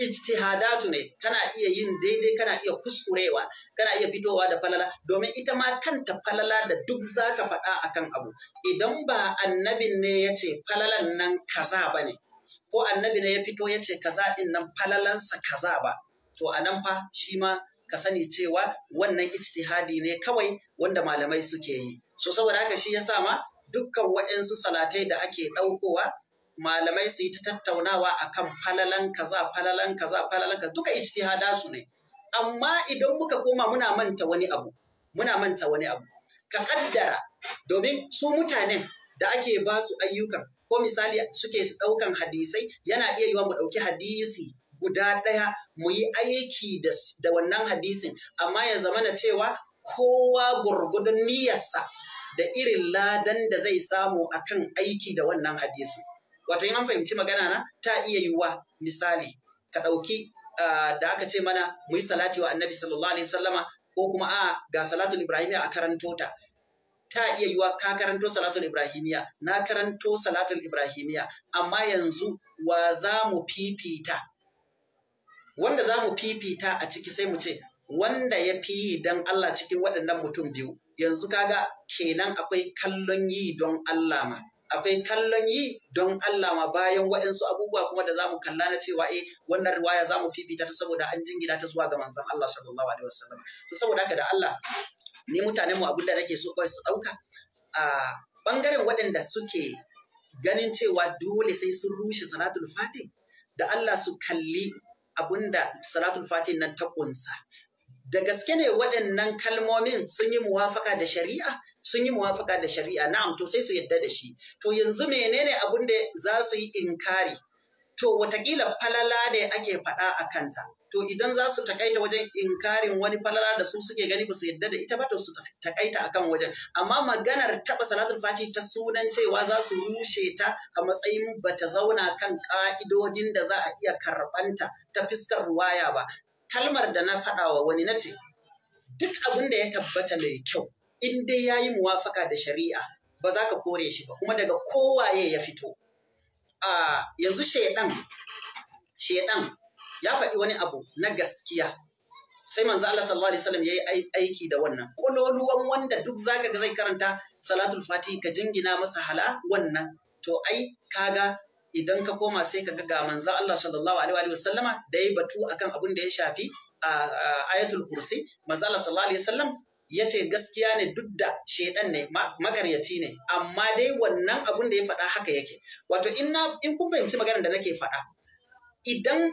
[SPEAKER 1] ijtihadatu ne kana iya yin daidai kana iya kuskurewa kana iya fitowa da falala domin ita ma kanta falala da duk zaka faɗa akan abu idan ba annabin ne ya ce falalan nan kaza ba ne ko annabi ne ya fito ya ce kaza ɗin nan falalansa kaza ba to a nan fa shi ma ka sani cewa wannan ijtihadi ne kawai wanda malamai suke yi so saboda haka shi ya sa ma dukkan waɗansu salatai da ake ɗaukowa malamai su yi ta tattaunawa akan falalan kaza falalan kaza falalan kaza duka ijtihada su ne amma idan muka koma muna manta wani abu muna manta wani abu ka kaddara domin su mutanen da ake ba su ayyukan ko misali suke ɗaukan hadisai yana iya yiwa mu ɗauki hadisi guda ɗaya mu yi aiki da wannan hadisin amma ya zama na cewa kowa gurgudun niyyarsa da irin ladan da zai samu akan aiki da wannan hadisin wato in an fahimci magana na ta iya yiwuwa misali ka ɗauki da aka ce mana mu yi salati wa annabi sallallahu alaihi sallama ko kuma a ga salatul ibrahimiya a karanto ta ta iya yiwuwa ka karanto salatul ibrahimiya na karanto salatul ibrahimiya amma yanzu wa za mu fifita wanda za mu fifita a ciki sai mu ce wanda ya fi yi don Allah cikin waɗannan mutum biyu yanzu kaga kenan akwai kallon yi don Allah ma akwai kallon yi don Allah ma bayan wa'insu abubuwa kuma da zamu kalla na cewa eh wannan riwaya zamu fifita ta saboda an jingina ta zuwa ga manzon Allah sallallahu alaihi wasallam to saboda haka da Allah ni mutanen mu abinda da nake so kawai su dauka a bangaren waɗanda suke ganin cewa dole sai sun rushe salatul fatih da Allah su kalli abinda salatul fatih nan ta kunsa da gaske ne waɗannan kalmomin sun yi muwafaka da shari'a sun yi muwafaka da shari'a na'am to sai su yadda da shi to yanzu menene abun da za su yi inkari to watakila falala ne ake faɗa a kanta to idan za su takaita wajen inkarin wani falala da su suke gani ba su yadda da ita ba to su takaita kan wajen amma maganar taɓa salatul fati ta sunan cewa za su rushe ta a matsayin bata zauna kan ƙa'idodin da za a iya karɓanta ta fiskar ruwaya ba kalmar da na faɗawa wani na ce duk abin da ya tabbata mai kyau in dai ya yi muwafaka da shari'a ba za ka kore shi ba kuma daga kowaye ya fito yanzu shaidan shaidan ya faɗi wani abu na gaskiya sai manzo Allah sallallahu alaihi wasallam yayi aiki da wannan kololuwan wanda duk zaka ga zai karanta salatul fatihi ka jingina masa hala wannan to ai kaga idan ka koma sai ka ga manzo Allah sallallahu alaihi wasallama da yayi batu akan abin da ya shafi a ayatul kursi manzo Allah sallallahu alaihi wasallam ya ce gaskiya ne duk da shaidan ne magaryaci ne amma dai wannan abun da ya faɗa haka yake wato in kun fahimci maganar da nake faɗa idan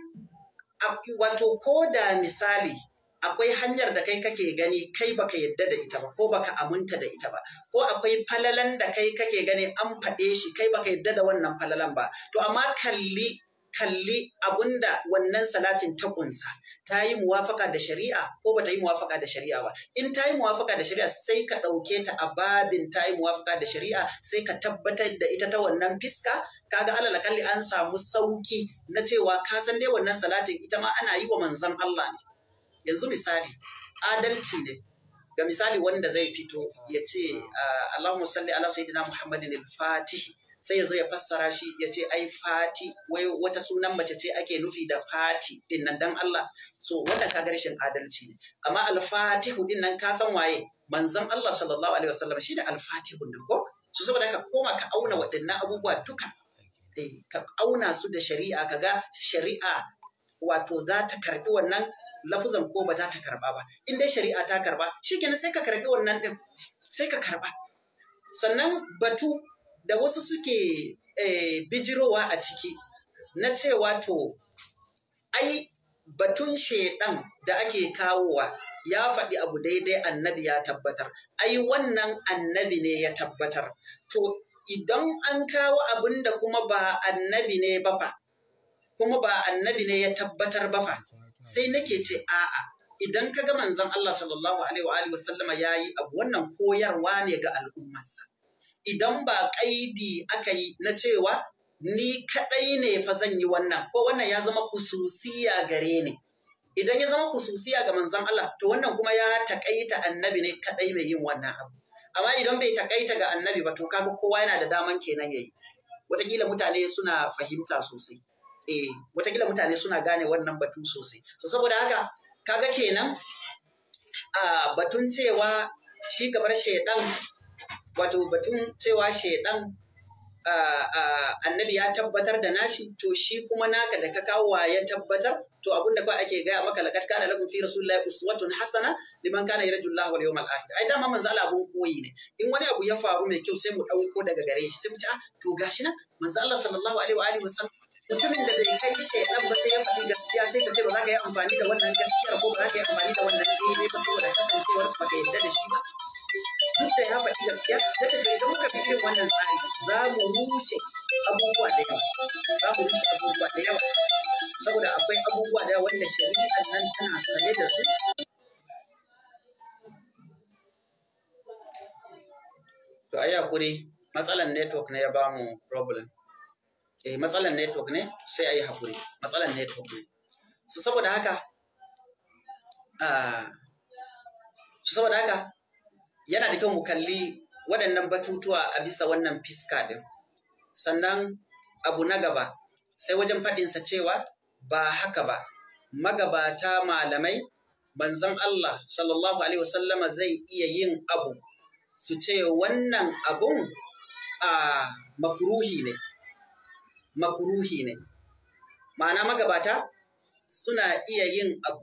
[SPEAKER 1] wato ko da misali akwai hanyar da kai kake gani kai baka yadda da ita ba ko baka aminta da ita ba ko akwai falalan da kai kake gani an faɗe shi kai baka yadda da wannan falalan ba to amma kalli kalli abunda wannan salatin ta kunsa ta yi muwafaka da shari'a ko ba ta yi muwafaka da shari'a ba in ta yi muwafaka da shari'a sai ka ɗauke ta a babin ta yi muwafaka da shari'a sai ka tabbatar da ita ta wannan fiska kaga alal akalli an samu sauki na cewa ka san dai wannan salatin ita ma ana yi wa manzon Allah ne yanzu misali adalci ne ga misali wanda zai fito ya ce Allahumma salli ala sayyidina Muhammadin al-Fatih sai ya zo ya fassara shi ya ce ai fati wai wata sunan mace ce ake nufi da fati din nan dan Allah so wannan kaga rashin adalci ne amma al-fatihu din nan ka san waye manzon Allah sallallahu alaihi wasallam shi da al-fatihu din ko so saboda ka koma ka auna waɗannan abubuwa duka eh, ka auna su da shari'a kaga shari'a wato za ta karbi wannan lafuzan ko ba za ta karba ba in dai shari'a ta karba shikenan sai ka karbi wannan din sai ka karba sannan batu da wasu suke eh, bijirowa a ciki na cewa to ai batun shaidan da ake kawowa ya faɗi abu daidai annabi ya tabbatar ai wannan annabi ne ya tabbatar to idan an kawo abin da kuma ba annabi ne ba fa kuma ba annabi ne ya tabbatar ba fa sai nake ce a'a idan ka ga manzon Allah sallallahu alaihi wa alihi wasallama yayi abu wannan koyarwa ne ga al'ummarsa idan ba kaidi aka yi na cewa ni kaɗai ne fa zan yi wannan ko wannan ya zama hususiya gare ni idan ya zama hususiya ga manzon Allah to wannan kuma ya takaita annabi ne kaɗai mai yin wannan abu amma idan bai takaita ga annabi ba to kaga kowa yana da daman kenan yayi watakila mutane suna fahimta sosai eh watakila mutane suna gane wannan batu sosai so saboda haka kaga kenan a ah, batun cewa shi gabar shedan wato batun cewa shaidan annabi ya tabbatar da nashi to shi kuma naka da ka kawo wa ya tabbatar to abin da ba ake gaya maka laqad kana lakum fi rasulillahi uswatun hasana liman kana yarju Allah wal yawmal akhir ai dama manzo Allah abun koyi ne in wani abu ya faru mai kyau sai mu dauko daga gare shi sai mu ce ah to gashi nan manzo Allah sallallahu alaihi wa alihi wasallam mutumin da bai kai shaidan ba sai ya faɗi gaskiya sai ka ce ba za ka yi amfani da wannan gaskiyar ko ba za ka yi amfani da wannan ilimi ba saboda kasancewar ba ka yarda da shi ba duk da ya faɗi gaskiya na ce to idan muka bi irin wannan tsari za mu wuce abubuwa da yawa za mu wuce abubuwa da yawa saboda akwai
[SPEAKER 2] abubuwa da yawa wanda shari'ar nan tana sane da su
[SPEAKER 1] to ayi hakuri matsalan network ne ya bamu problem eh matsalan network ne sai ayi hakuri matsalan network ne so saboda haka ah saboda haka yana da kyau mu kalli waɗannan batutuwa a bisa wannan fiska ɗin. Sannan abu na gaba, sai wajen faɗinsa cewa ba haka ba, magabata malamai, manzon Allah sallallahu Alaihi wasallama zai iya yin abu, su ce wannan abun a makuruhi ne, makuruhi ne. Ma'ana magabata suna iya yin abu,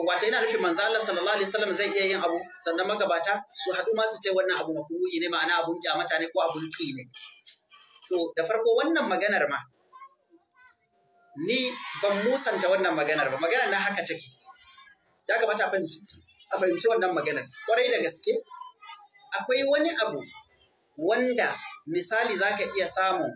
[SPEAKER 1] wata yana nufin manzo Allah sallallahu alaihi wasallam zai iya yin abu sannan magabata su haɗu ma su ce wannan abu makruhi ne ma'ana abun kyamata ne ko abun ki ne to da farko wannan maganar ma ni ban musanta wannan maganar ba maganar na haka take ya kamata a fahimci a fahimci wannan maganar kwarai da gaske akwai wani abu wanda misali zaka iya samun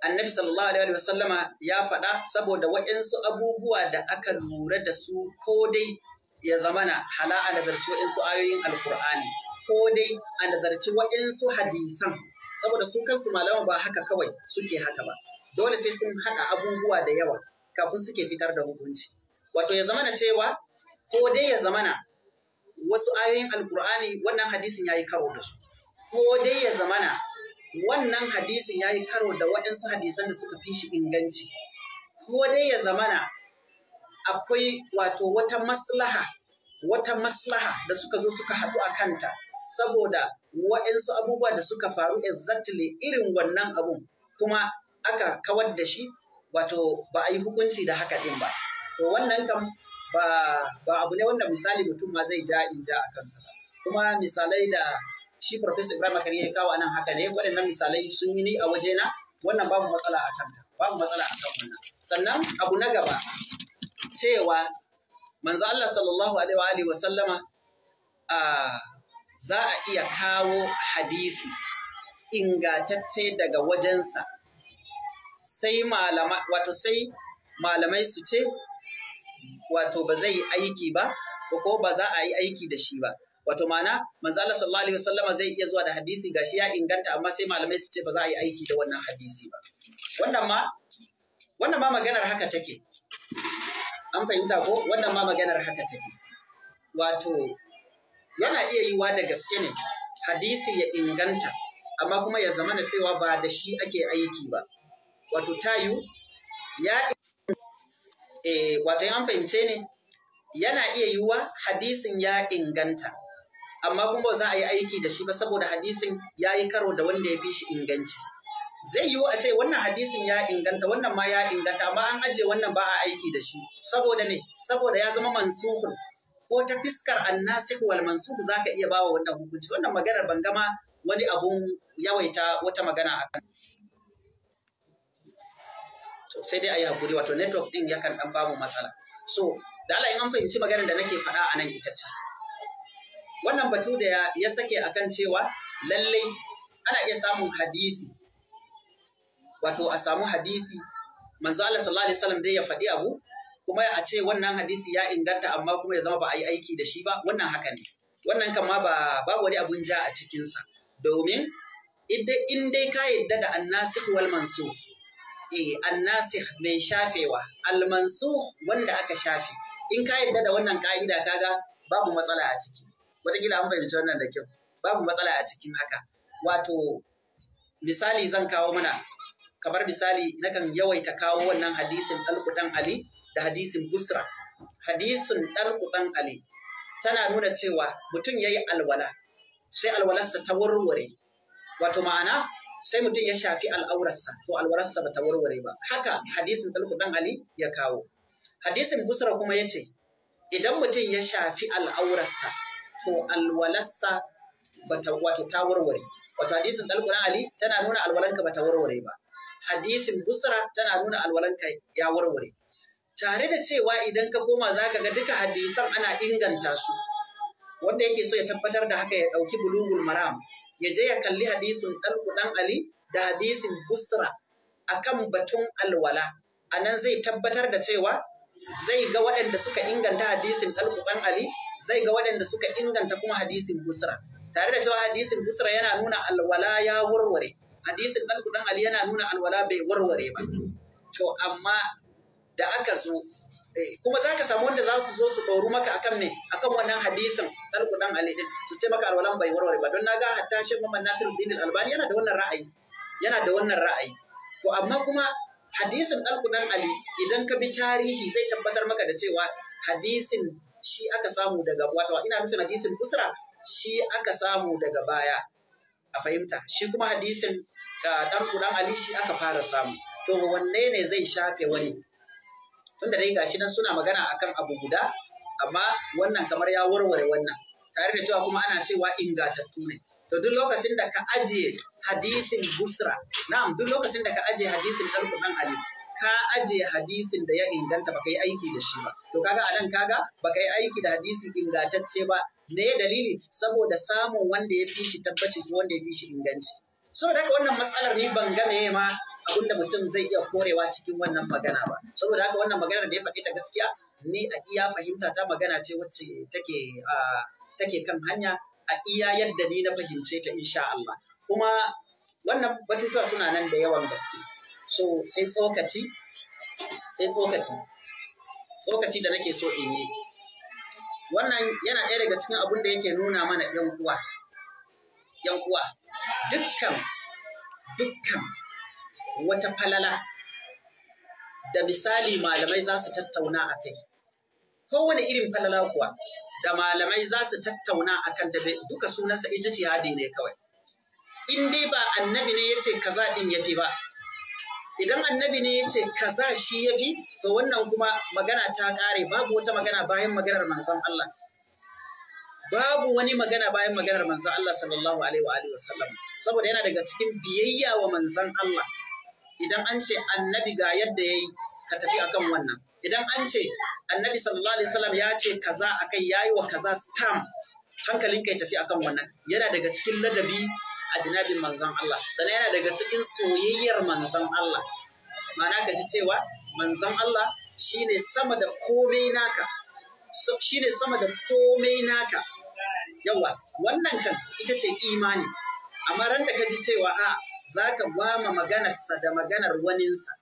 [SPEAKER 1] annabi sallallahu alaihi wasallama ya faɗa saboda waɗansu abubuwa da aka lura da su ko dai ya zamana hala a nazarci waɗansu ayoyin alkur'ani ko dai a nazarci waɗansu hadisan saboda su kansu malama ba haka kawai suke haka ba dole sai sun haɗa abubuwa da yawa kafin suke fitar da hukunci wato ya zamana cewa ko dai ya zamana wasu ayoyin alkur'ani wannan hadisin ya yi karo da su ko dai ya zamana wannan hadisin ya yi karo da waɗansu hadisan da suka fi shi inganci ko dai ya zamana akwai wato wata maslaha wata maslaha da suka zo suka haɗu a kanta saboda waɗansu abubuwa da suka faru exactly irin wannan abun kuma aka kawar da shi wato ba a yi hukunci da haka ɗin ba to wannan kam ba, abu ne wanda misali mutum ma zai ja in ja a kansa kuma misalai da shi Professor Ibrahim Makari ya kawo anan haka ne waɗannan misalai sun yi ni a wajena wannan babu matsala a kanta babu matsala a kan wannan sannan abu na gaba cewa manzo Allah sallallahu alaihi wa sallama za a iya kawo hadisi ingatacce daga wajensa sai malama wato sai malamai su ce wato ba zai aiki ba ko ba za a yi aiki da shi ba wato mana manzo Allah sallallahu alaihi wasallam zai iya zuwa da hadisi gashi ya inganta amma sai malamai su ce ba za a yi aiki da wannan hadisi ba wannan ma wannan ma maganar haka take an fahimta ko wannan ma maganar haka take wato yana iya yiwa da gaske ne hadisi ya inganta amma kuma ya zama na cewa ba da shi ake aiki ba wato tayu ya e, wato an fahimce ne yana iya yiwuwa hadisin ya inganta amma kuma ba za a yi aiki da shi ba saboda hadisin ya yi karo da wanda ya fi shi inganci zai yiwu a ce wannan hadisin ya inganta wannan ma ya inganta amma an ajiye wannan ba a aiki da shi saboda me saboda ya zama mansuhun ko ta fiskar annasihu wal za ka iya bawa wannan hukunci wannan maganar ban gama wani abun yawaita wata magana a to sai dai a yi hakuri wato network din yakan dan bamu matsala so da Allah in an fahimci maganar da nake faɗa a nan ita ce wannan batu da ya sake a kan cewa lallai ana iya samun hadisi wato a samu hadisi manzo Allah sallallahu alaihi wasallam dai ya faɗi abu kuma a ce wannan hadisi ya inganta amma kuma ya zama ba a yi aiki da shi ba wannan haka ne wannan kan ma ba babu wani abun ja a cikinsa domin in dai ka yadda da annasikh wal mansukh eh annasikh mai shafewa al mansukh wanda aka shafe in ka yadda da wannan ka'ida kaga babu matsala a ciki wataƙila an fahimci wannan da kyau babu matsala a cikin haka wato misali zan kawo mana kamar misali nakan yawaita kawo wannan hadisin ɗalƙutan ali da hadisin busra hadisin ɗalƙutan ali tana nuna cewa mutum ya yi alwala sai alwalarsa ta warware wato ma'ana sai mutum ya shafi al'aurarsa to alwalarsa ba ta warware ba haka hadisin ɗalƙutan ali ya kawo hadisin busra kuma ya ce idan mutum ya shafi al'aurarsa to alwalarsa bata wato ta warware wato hadisin dalguna ali tana nuna alwalanka bata warware ba hadisin busra tana nuna alwalanka ya warware tare da cewa idan ka koma zaka ga duka hadisan ana inganta su wanda yake so ya tabbatar da haka ya dauki bulugul maram ya je ya kalli hadisin ɗan ali da hadisin busra akan batun alwala anan zai tabbatar da cewa zai ga waɗanda suka inganta hadisin ɗan ali zai ga waɗanda suka inganta kuma hadisin busra tare da cewa hadisin busra yana nuna alwala ya warware hadisin dan kudan ali yana nuna alwala bai warware ba to amma da aka zo eh, kuma za ka samu wanda za su zo su ɗoru maka akan me akan wannan hadisin dan kudan ali din su ce maka alwalan bai warware ba don na ga hatta shi Muhammad Nasiruddin Albani yana da wannan ra'ayi yana da wannan ra'ayi to amma kuma hadisin dan kudan ali idan ka bi tarihi zai tabbatar maka da cewa hadisin shi aka samu daga wato ina nufin hadisin busra shi aka samu daga baya a fahimta shi kuma hadisin dan kuran ali shi aka fara samu to wanne ne zai shafe wani tunda dai gashi nan suna magana akan abu guda amma wannan kamar ya warware wannan tare da cewa kuma ana cewa ingatattu ne to duk lokacin da ka ajiye hadisin busra na'am duk lokacin da ka ajiye hadisin dan kuran ali ka aje hadisin da ya inganta baka yi aiki da shi ba to kaga nan kaga baka yi aiki da hadisi ingantacce ba me dalili saboda samun wanda ya fi shi tabbaci ko wanda ya fi shi inganci saboda haka wannan matsalar ni ban gane ya ma abin mutum zai iya korewa cikin wannan magana ba saboda haka wannan maganar da ya faɗi ta gaskiya ni a iya fahimta ta magana ce wacce take take kan hanya a iya yadda ni na fahimce ta insha Allah kuma wannan batutuwa suna nan da yawan gaske so sai tsokaci sai tsokaci tsokaci da nake so in yi wannan yana ɗaya daga cikin abin da yake nuna mana yan uwa yan uwa dukkan dukkan wata falala da misali malamai za su tattauna a kai kowane irin falala kuwa da malamai za su tattauna a kan da duka sunansa ijtihadi ne kawai in dai ba annabi ne ya ce kaza ɗin ya fi ba idan annabi ne ya ce kaza shi ya bi, to wannan kuma magana ta ƙare babu wata magana bayan maganar manzon Allah babu wani magana bayan maganar manzon Allah sallallahu alaihi wa alihi wasallam saboda yana daga cikin biyayya wa manzon Allah idan an ce annabi ga yadda yayi ka tafi akan wannan idan an ce annabi sallallahu alaihi wasallam ya ce kaza akai yayi wa kaza stamp hankalinka ya tafi akan wannan yana daga cikin ladabi a jinabin manzan Allah sannan yana daga cikin soyayyar manzan Allah Mana ka ji cewa manzan Allah shine sama da komai naka shine sama da komai naka yawa wannan kan ita ce imani amma ran da ka ji cewa a za ka ma maganarsa da maganar waninsa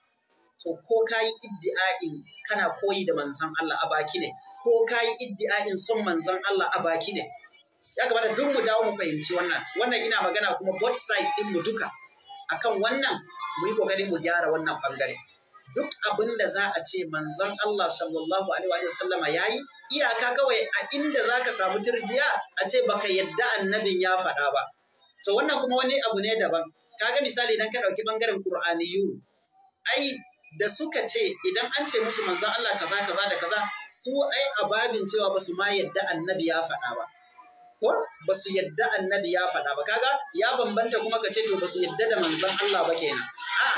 [SPEAKER 1] to ko ka yi iddi'a'in kana koyi da manzan Allah a baki ne ko ka yi iddi'a'in son manzan Allah a baki ne ya kamata duk mu dawo mu fahimci wannan wannan ina magana kuma both side din mu duka akan wannan mu yi kokari mu gyara wannan bangare duk abin da za a ce manzon Allah sallallahu alaihi wa sallama yayi iyaka kawai a inda zaka samu turjiya a ce baka yadda annabin ya faɗa ba to wannan kuma wani abu ne daban kaga misali idan ka ɗauki bangaren Qur'aniyu ai da suka ce idan an ce musu manzon Allah kaza kaza da kaza su ai a babin cewa ba su ma yadda annabi ya faɗa ba ko ba su yadda annabi ya faɗa ba kaga ya bambanta kuma ka ce to ba su yadda da manzon Allah ba kenan a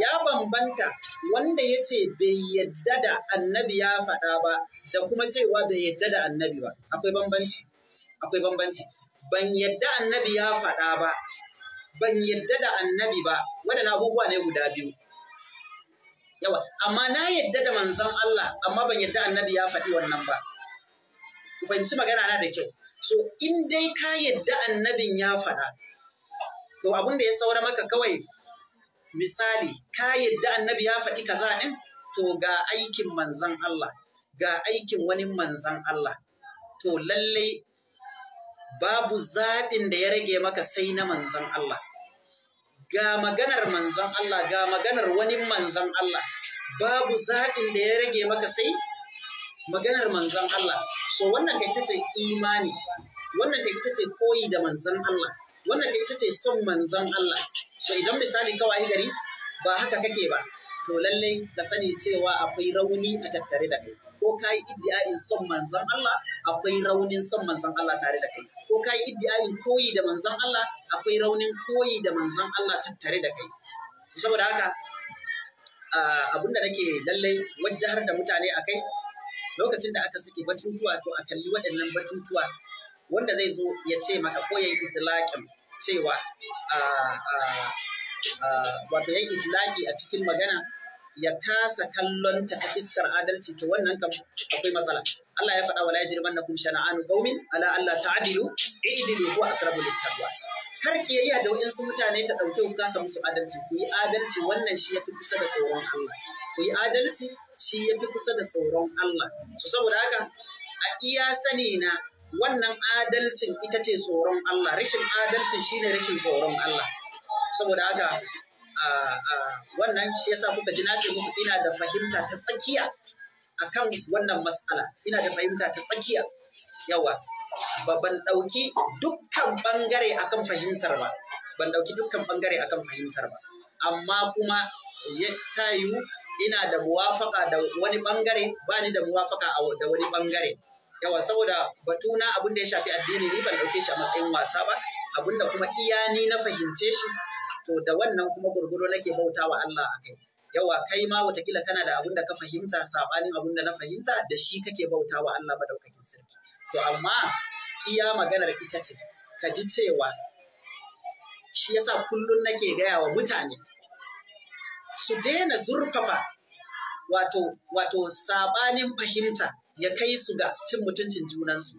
[SPEAKER 1] ya bambanta wanda ya ce bai yadda da annabi ya faɗa ba da kuma cewa bai yadda da annabi ba akwai bambanci akwai bambanci ban yadda annabi ya faɗa ba ban yadda da annabi ba waɗannan abubuwa ne guda biyu yawa amma na yadda da manzon Allah amma ban yadda annabi ya faɗi wannan ba ku fahimci magana na da kyau so in dai ka yadda annabin ya faɗa to abin da ya saura maka kawai misali ka yadda annabi ya faɗi kaza ɗin to ga aikin manzan Allah ga aikin wani manzan Allah to lallai babu zaɓin da ya rage maka sai na manzan Allah ga maganar manzan Allah ga maganar wani manzan Allah babu zaɓin da ya rage maka sai maganar manzan Allah so wannan kai ta ce imani wannan kai ita ce koyi da manzan Allah wannan kai ita ce son manzan Allah so idan misali kawai gari ba haka kake ba to lallai ka sani cewa akwai rauni a tattare da kai ko ka yi iddiayin son manzan Allah akwai raunin son manzan Allah tare da kai ko ka yi koyi da manzan Allah akwai raunin koyi da manzan Allah tattare da kai saboda haka abin da nake lallai wajahar da mutane a kai, lokacin da aka saki batutuwa to a kalli waɗannan batutuwa wanda zai zo ya ce maka ko ya yi cewa wato ya yi a cikin magana ya kasa kallon ta a iskar adalci to wannan kam akwai matsala Allah ya faɗa wala na shana'anu qaumin ala alla ta'dilu i'dilu huwa aqrabu lit kar kar kiyayya da waɗansu mutane ta ɗauke ku kasa musu adalci ku yi adalci wannan shi yafi kusa da tsoron Allah ku yi adalci shi yafi kusa da tsoron Allah so saboda haka a iya sani na wannan adalcin ita ce tsoron Allah rashin adalcin shine rashin tsoron Allah saboda haka wannan shi yasa kuka ji nace muku ina da fahimta ta tsakiya akan wannan matsala ina da fahimta ta tsakiya yawa ba ban ɗauki dukkan bangare akan fahimtar ba ban ɗauki dukkan bangare akan fahimtar ba amma kuma ya ta ina da muwafaka da wani bangare ba ni da muwafaka da wani bangare yawa saboda batuna abin da ya shafi addini ni ban dauke shi a matsayin wasa ba abin da kuma iya ni na fahimce shi to da wannan kuma gurguro nake bauta wa Allah a kai yawa kai ma watakila kana da abin da ka fahimta sabanin abin da na fahimta da shi kake bauta wa Allah madaukakin sarki to amma iya maganar ita ce ka ji cewa shi yasa kullun nake gaya wa mutane su daina zurfafa wato wato sabanin fahimta ya kai su ga cin mutuncin junansu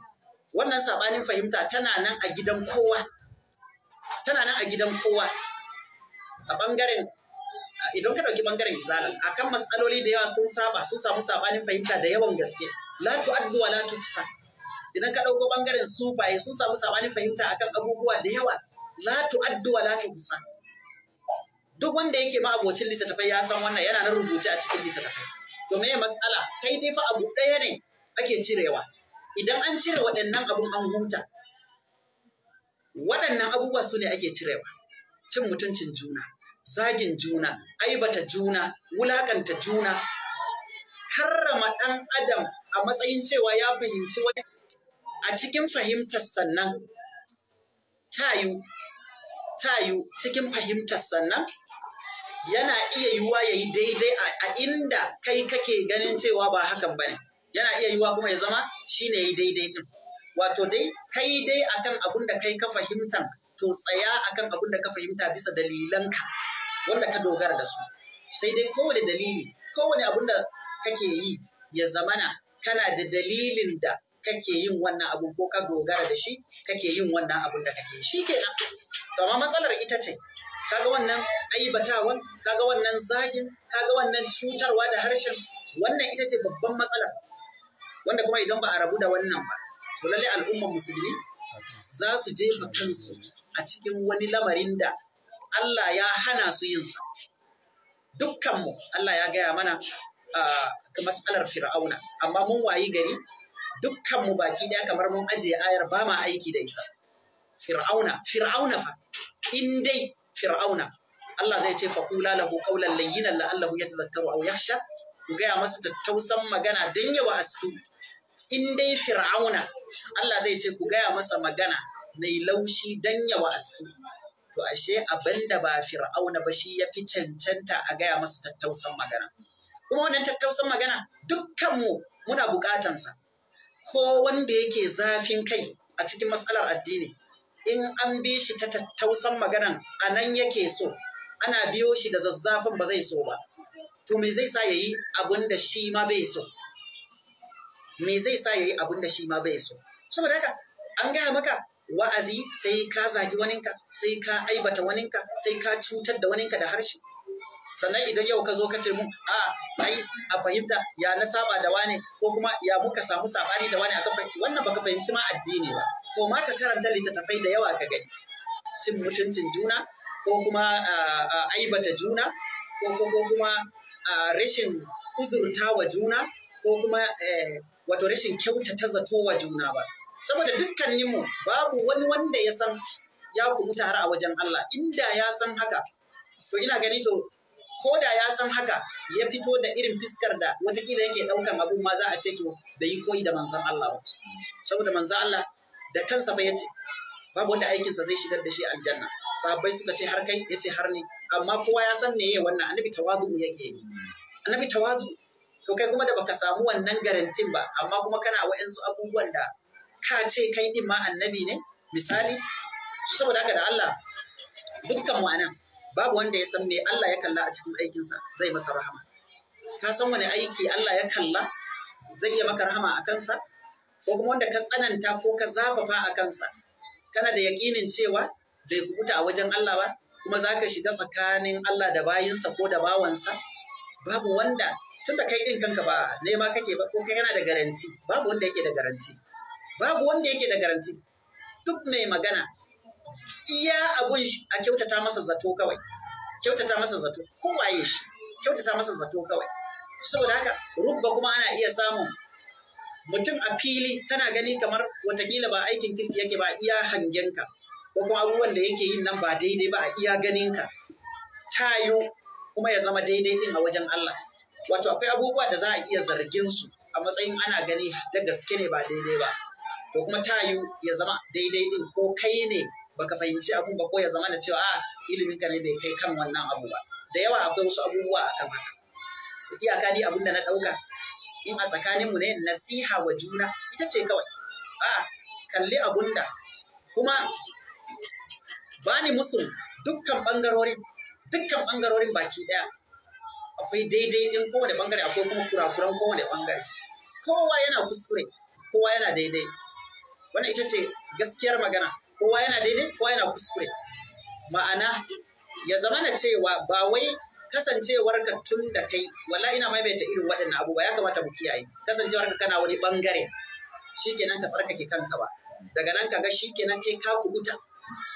[SPEAKER 1] wannan sabanin fahimta tana nan a gidan kowa tana nan a gidan kowa a ɓangaren, idan ka ɓangaren bangaren a akan matsaloli da yawa sun saba sun samu sabanin fahimta da yawan gaske Latu, Addua, Latu, kusa. idan ka ɗauko ɓangaren sufaye sun samu sabanin fahimta akan abubuwa da yawa Latu, Addua, Latu, kusa. duk wanda yake ma abocin littattafai ya san wannan yana na rubuce a cikin littattafai to me matsala kai dai fa abu ɗaya ne ake cirewa idan an cire waɗannan abun an huta waɗannan abubuwa su ne ake cirewa cin mutuncin juna zagin juna aibata juna wulakanta juna karrama ɗan adam a matsayin cewa ya fahimci wani a cikin fahimtar sannan tayu tayu cikin fahimtar sannan yana iya yiwuwa ya yi daidai a inda kai kake ganin cewa ba hakan ba ne yana iya yiwuwa kuma ya zama shi ne ya yi daidai ɗin wato dai kai dai akan abun da kai ka fahimta to tsaya akan abun da ka fahimta bisa dalilanka wanda ka dogara da su sai dai kowane dalili kowane abun da kake yi ya zamana kana da dalilin da kake yin wannan abun ko ka dogara da shi kake yin wannan abun da kake shi kenan to amma matsalar ita ce kaga wannan aibatawan kaga wannan zagin kaga wannan cutarwa da harshen wannan ita ce babban matsala wanda kuma idan ba a rabu da wannan ba to lalle al'ummar musulmi za su jefa kansu a cikin wani lamarin da Allah ya hana su yin sa dukkanmu Allah ya gaya mana a mas'alar fir'auna amma mun wayi gari dukkanmu baki daya kamar mun ajiye ayar ba ma aiki da ita fir'auna fir'auna fa in dai fir'auna Allah zai ce faqula lahu qawlan layyinan la'allahu yatadhakkaru aw yakhsha ku gaya masa tattausan magana dan yawa astu in dai fir'auna Allah zai ce ku gaya masa magana mai laushi dan yawa astu to ashe abinda ba fir'auna ba shi yafi cancanta a gaya masa tattausan magana kuma wannan tattausan magana dukkanmu muna bukatansa ko wanda yake zafin kai a cikin matsalar addini in an bi shi ta tattausan maganan a nan yake so ana biyo shi da zazzafin ba zai so ba to me zai sa ya yi abin da shi ma bai so me zai sa ya yi abin da shi ma bai so saboda haka an gaya maka wa'azi sai ka zagi waninka sai ka aibata waninka sai ka cutar da waninka da harshe sannan idan yau ka zo ka ce mun a ai a fahimta ya na saba da wane ko kuma ya muka samu sabani da wane a wannan baka fahimci ma addini ba ko ma ka karanta littattafai da yawa ka gani cin mutuncin juna ko kuma aibata juna ko kuma rashin uzurta wa juna ko kuma e, wato rashin kyautata zato wa juna ba saboda dukkaninmu babu wani wanda ya san ya kubuta har a wajen Allah inda ya san haka to ina gani to ko da ya san haka ya fito da irin fiskar da watakila yake ɗaukan abun ma za a ce to bai yi koyi da manzan Allah ba saboda manzan Allah da kansa ba ya ce, babu wanda aikinsa zai shigar da shi aljanna sabai suka ce har kai yace har ne amma kowa ya san ya wannan annabi tawadu yake yi annabi tawadu to kai kuma da baka samu wannan garantin ba amma kuma kana wa'ansu abubuwan da ka ce kai din ma annabi ne misali saboda haka da Allah dukkan mu anan babu wanda ya san me Allah ya kalla a cikin aikinsa zai masa rahama ka san wani aiki Allah ya kalla zai iya maka rahama a kansa ko kuma wanda ka tsananta ko ka zafafa a kansa kana da yaƙinin cewa bai kubuta a wajen Allah ba kuma za ka shiga tsakanin Allah da bayinsa ko da bawansa babu wanda tunda kai ɗin kanka ba nema kake ba ko kai yana da garanti babu wanda yake da garanti babu wanda yake da garanti duk mai magana iya abun a kyautata masa zato kawai kyautata masa zato ko waye shi kyautata masa zato kawai saboda haka rubba kuma ana iya samun mutum a fili kana gani kamar watakila ba aikin kirki yake ba iya hangenka ko kuma abubuwan da yake yin nan ba daidai ba a iya ganin ganinka tayo kuma ya zama daidai din a wajen Allah wato akwai abubuwa da za a iya zargin su a matsayin ana gani da gaske ne ba daidai ba Ko kuma tayo ya zama daidai din ko kai ne baka fahimci abun ba ko ya zama na cewa a ah, ilimin ka ne bai kai kan wannan abu ba da yawa akwai wasu abubuwa akan haka iyaka ni abin da na ɗauka in a tsakaninmu ne nasiha wa juna ita ce kawai a kalli abunda kuma ni musu dukkan bangarorin dukkan bangarorin baki daya akwai daidai din da bangare akwai kuma kurakuran da bangare kowa yana kuskure kowa yana daidai wannan ita ce gaskiyar magana kowa yana daidai kowa yana kuskure ma'ana ya zama na cewa ba wai kasancewar ka tun da kai wala ina maimaita irin waɗannan abubuwa ya kamata mu kiyaye kasancewar ka kana wani bangare shikenan ka tsarkake kanka ba daga nan ka ga shikenan kai ka kubuta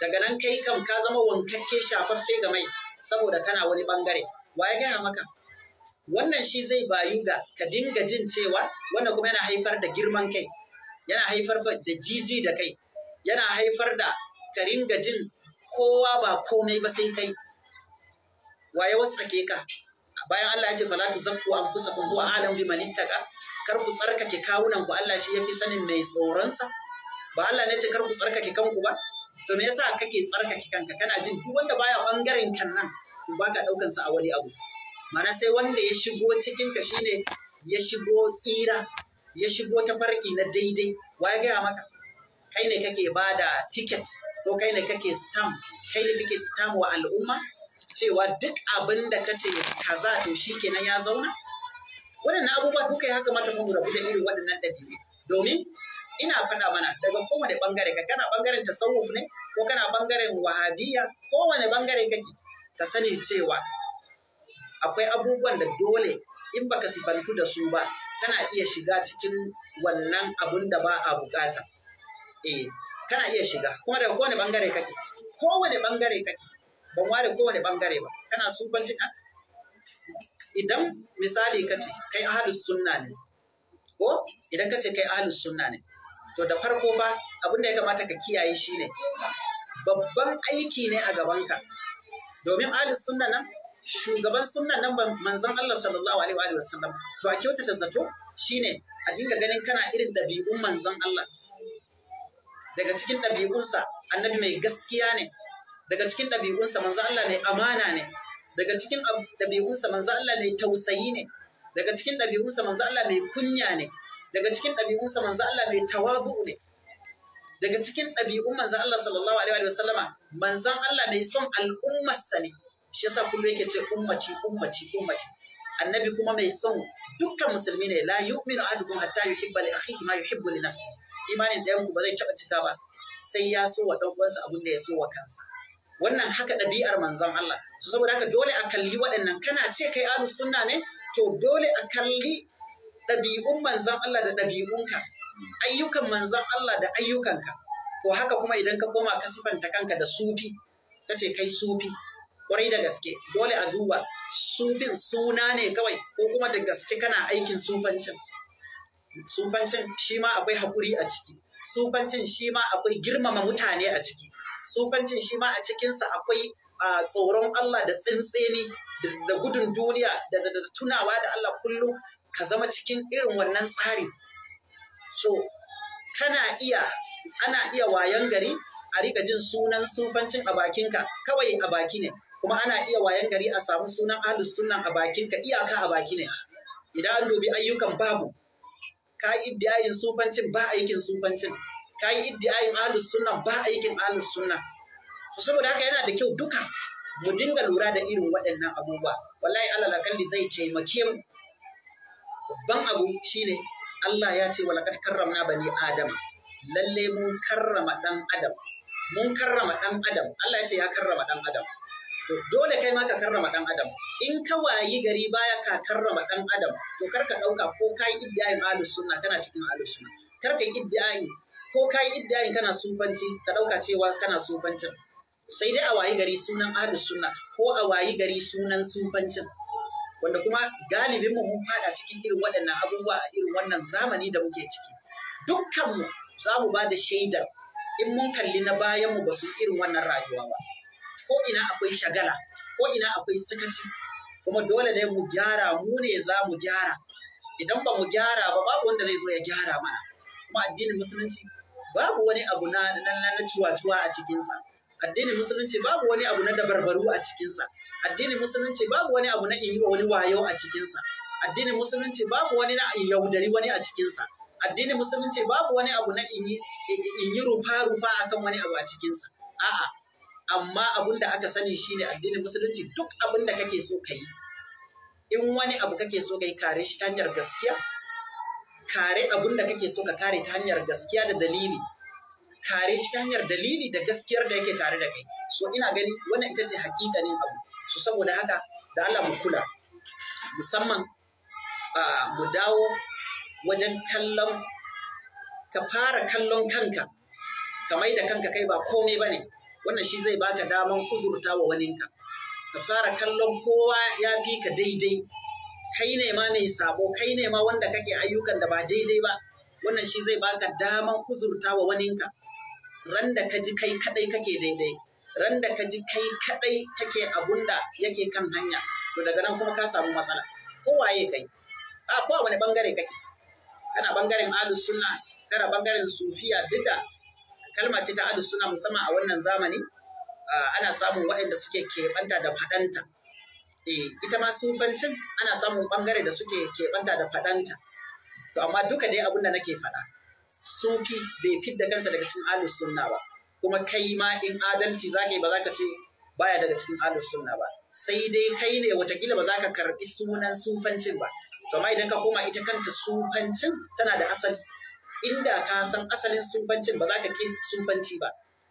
[SPEAKER 1] daga nan kai kam ka zama wankakke shafaffe ga mai saboda kana wani bangare wa ya gaya maka wannan shi zai bayu ga ka dinga jin cewa wannan kuma yana haifar da girman kai yana haifar da jiji da kai yana haifar da ka ringa jin kowa ba komai ba sai kai Wa waye wasake ka bayan Allah ya ce fala zakku anfusakum huwa a'lamu biman ittaqa kar ku tsarkake kawunan ku Allah shi yafi sanin mai tsoron sa ba Allah ne ce kar ku tsarkake kanku ba to me yasa kake tsarkake kanka kana jin duk wanda baya bangaren kan nan to baka daukan sa a wani abu mana sai wanda ya shigo cikin ka shine ya shigo tsira ya shigo ta farki na daidai Wa ya ga maka kai ne kake bada ticket ko kai ne kake stamp kai ne kake stamp wa al'umma cewa duk abin da ka ce kaza to shi kenan ya zauna waɗannan abubuwa kuka yi mata mata rabu da irin waɗannan ɗabi'u domin ina faɗa mana daga kowane ɓangare ka kana ɓangaren tasawuf ne ko kana ɓangaren wahabiyya kowane ɓangare kake ka sani cewa akwai abubuwan da dole in baka sifantu da su ba kana iya shiga cikin wannan abun da ba a bukata eh kana iya shiga kuma daga kowane ɓangare kake kowane ɓangare kake ban ware kowane bangare ba kana su banci idan misali ka ce kai ahlus sunna ne ko idan ka ce kai ahlus sunna ne to da farko ba abin da ya kamata ka kiyaye shine babban aiki ne a gabanka domin ahlus sunna nan shugaban sunna nan manzon Allah sallallahu alaihi wa sallam to a kyautata zato shine a dinga ganin kana irin dabi'un manzon Allah daga cikin dabi'unsa annabi mai gaskiya ne daga cikin ɗabi'unsa manzo Allah mai amana ne daga cikin ɗabi'unsa manzo Allah mai tausayi ne daga cikin ɗabi'unsa manzo Allah mai kunya ne daga cikin ɗabi'unsa manzo Allah mai tawadu ne daga cikin ɗabi'un manzo Allah sallallahu alaihi wa sallama manzon Allah mai son al'ummarsa ne shi yasa kullu yake ce ummati ummati ummati annabi kuma mai son dukkan musulmi ne la yu'minu ahadukum hatta yuhibba li akhihi ma yuhibbu li nafsi imanin ɗayan ku ba zai taɓa cika ba sai ya so wa ɗan uwansa abin da ya so wa kansa wannan haka ɗabi'ar manzon Allah so saboda haka dole a kalli waɗannan kana ce kai alu suna ne to dole a kalli ɗabi'un manzon Allah da ɗabi'unka ayyukan manzon Allah da ayyukanka Ko haka kuma idan ka koma ka sifanta kanka da sufi ka ce kai sufi kwarai da gaske dole a duba sufin suna ne kawai ko kuma da gaske kana aikin sufancin sufancin shi ma akwai haƙuri a ciki sufancin shi ma akwai girmama mutane a ciki sufancin shi ma a cikinsa akwai tsoron Allah da tsintsini da gudun duniya da tunawa da Allah kullum ka zama cikin irin wannan tsari so kana iya ana iya wayan gari a rika jin sunan sufancin a bakinka kawai a baki ne kuma ana iya wayan gari a samu sunan alus sunan a bakinka iyaka a baki ne idan an dubi ayyukan babu ka iddiyayin sufancin ba aikin sufancin ka yi iddiayin ahlus sunna ba aikin ahlus sunna to saboda haka yana da kyau duka mu dinga lura da irin waɗannan abubuwa wallahi Allah lakalli zai taimake mu babban abu shine Allah ya ce walaqad karramna bani adama lalle mun karrama dan adam mun karrama dan adam Allah ya ce ya karrama dan adam to dole kai ma ka karrama dan adam in ka wayi gari baya ka karrama dan adam to kar ka dauka ko kai iddiyayin ahlus sunna kana cikin ahlus sunna kar ka iddiyayin ko ka yi iddayin kana sufanci ka ɗauka cewa kana sufancin sai dai a wayi gari sunan ahlus sunna ko a wayi gari sunan sufancin wanda kuma galibin mu mun fada cikin irin waɗannan abubuwa a irin wannan zamani da muke ciki dukkan mu za mu ba da shaidar in mun kalli na bayan mu ba su irin wannan rayuwa ba ko ina akwai shagala ko ina akwai sakaci kuma dole ne mu gyara mu ne za mu gyara idan ba mu gyara ba babu wanda zai zo ya gyara mana kuma addinin musulunci babu wani abu na na cuwa-cuwa a cikinsa addinin musulunci babu wani abu na dabarbaru a cikinsa addinin musulunci babu wani abu na in wani wayo a cikinsa addinin musulunci babu wani na in yaudari wani a cikinsa addinin musulunci babu wani abu na in yi rufa-rufa kan wani abu a cikinsa a'a amma abun da aka sani shine addinin musulunci duk abin da kake so ka yi in wani abu kake so ka yi kare shi ta hanyar gaskiya kare abun da kake so ka kare ta hanyar gaskiya da dalili kare shi ta hanyar dalili da gaskiyar da yake tare da kai so ina gani wannan ita ce hakikanin abu so saboda haka da Allah mu kula musamman mu dawo wajen kallon ka fara kallon kanka ka mai da kanka kai ba komai ba ne wannan shi zai baka damar uzurta wa waninka ka fara kallon kowa ya fi ka daidai kai ne ma mai sabo kai ne ma wanda kake ayyukan da ba daidai ba wannan shi zai baka daman kuzurta wa waninka ran da ka ji kai kadai kake daidai ran da ka ji kai kadai kake abunda yake kan hanya to daga nan kuma ka samu matsala ko waye kai a ko wani bangare kake kana bangaren Alu sunna kana bangaren sufiya duk da kalma ce ta Alu sunna musamman a wannan zamani ana samun waɗanda suke keɓanta da faɗanta Eh, ita ma sufancin ana samun bangare da suke keɓanta da faɗanta to amma duka dai abin da nake faɗa sufi bai fidda kansa daga cikin alus sunna ba kuma kai ma in adalci zaka yi ba zaka ce baya daga cikin alus sunna ba sai dai kai ne watakila ba za ka karɓi sunan sufancin ba to amma idan ka koma ita kanta sufancin tana da asali inda ka san asalin sufancin ba za ka ki sufanci ba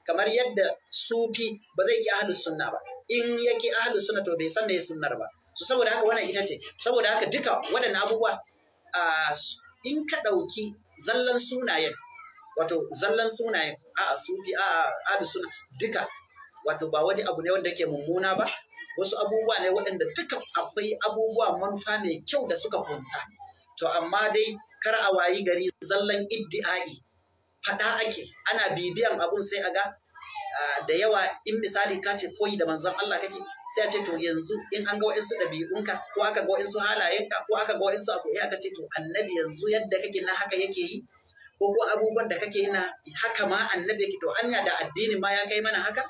[SPEAKER 1] kamar yadda sufi ba zai ki ahlus sunna ba in ya ki ahlus sunna to bai san me sunnar ba so saboda haka wannan ita ce saboda haka duka waɗannan abubuwa in ka ɗauki zallan sunayen wato zallan sunayen a sufi a ahlus sunna duka wato ba wani abu ne wanda yake mummuna ba wasu abubuwa ne waɗanda duka akwai abubuwa manufa mai kyau da suka kunsa to amma dai kar a wayi gari zallan iddi'ai faɗa ake ana bibiyan abun sai a ga da yawa in misali ka ce koyi da manzon Allah kake sai a ce to yanzu in an ga wa'insu ɗabi'unka ko aka ga wa'insu halayenka ko aka ga wa'insu abu ya aka ce to annabi yanzu yadda kake na haka yake yi ko ko abubuwan da kake na haka ma annabi yake to anya da addini ma ya kai mana haka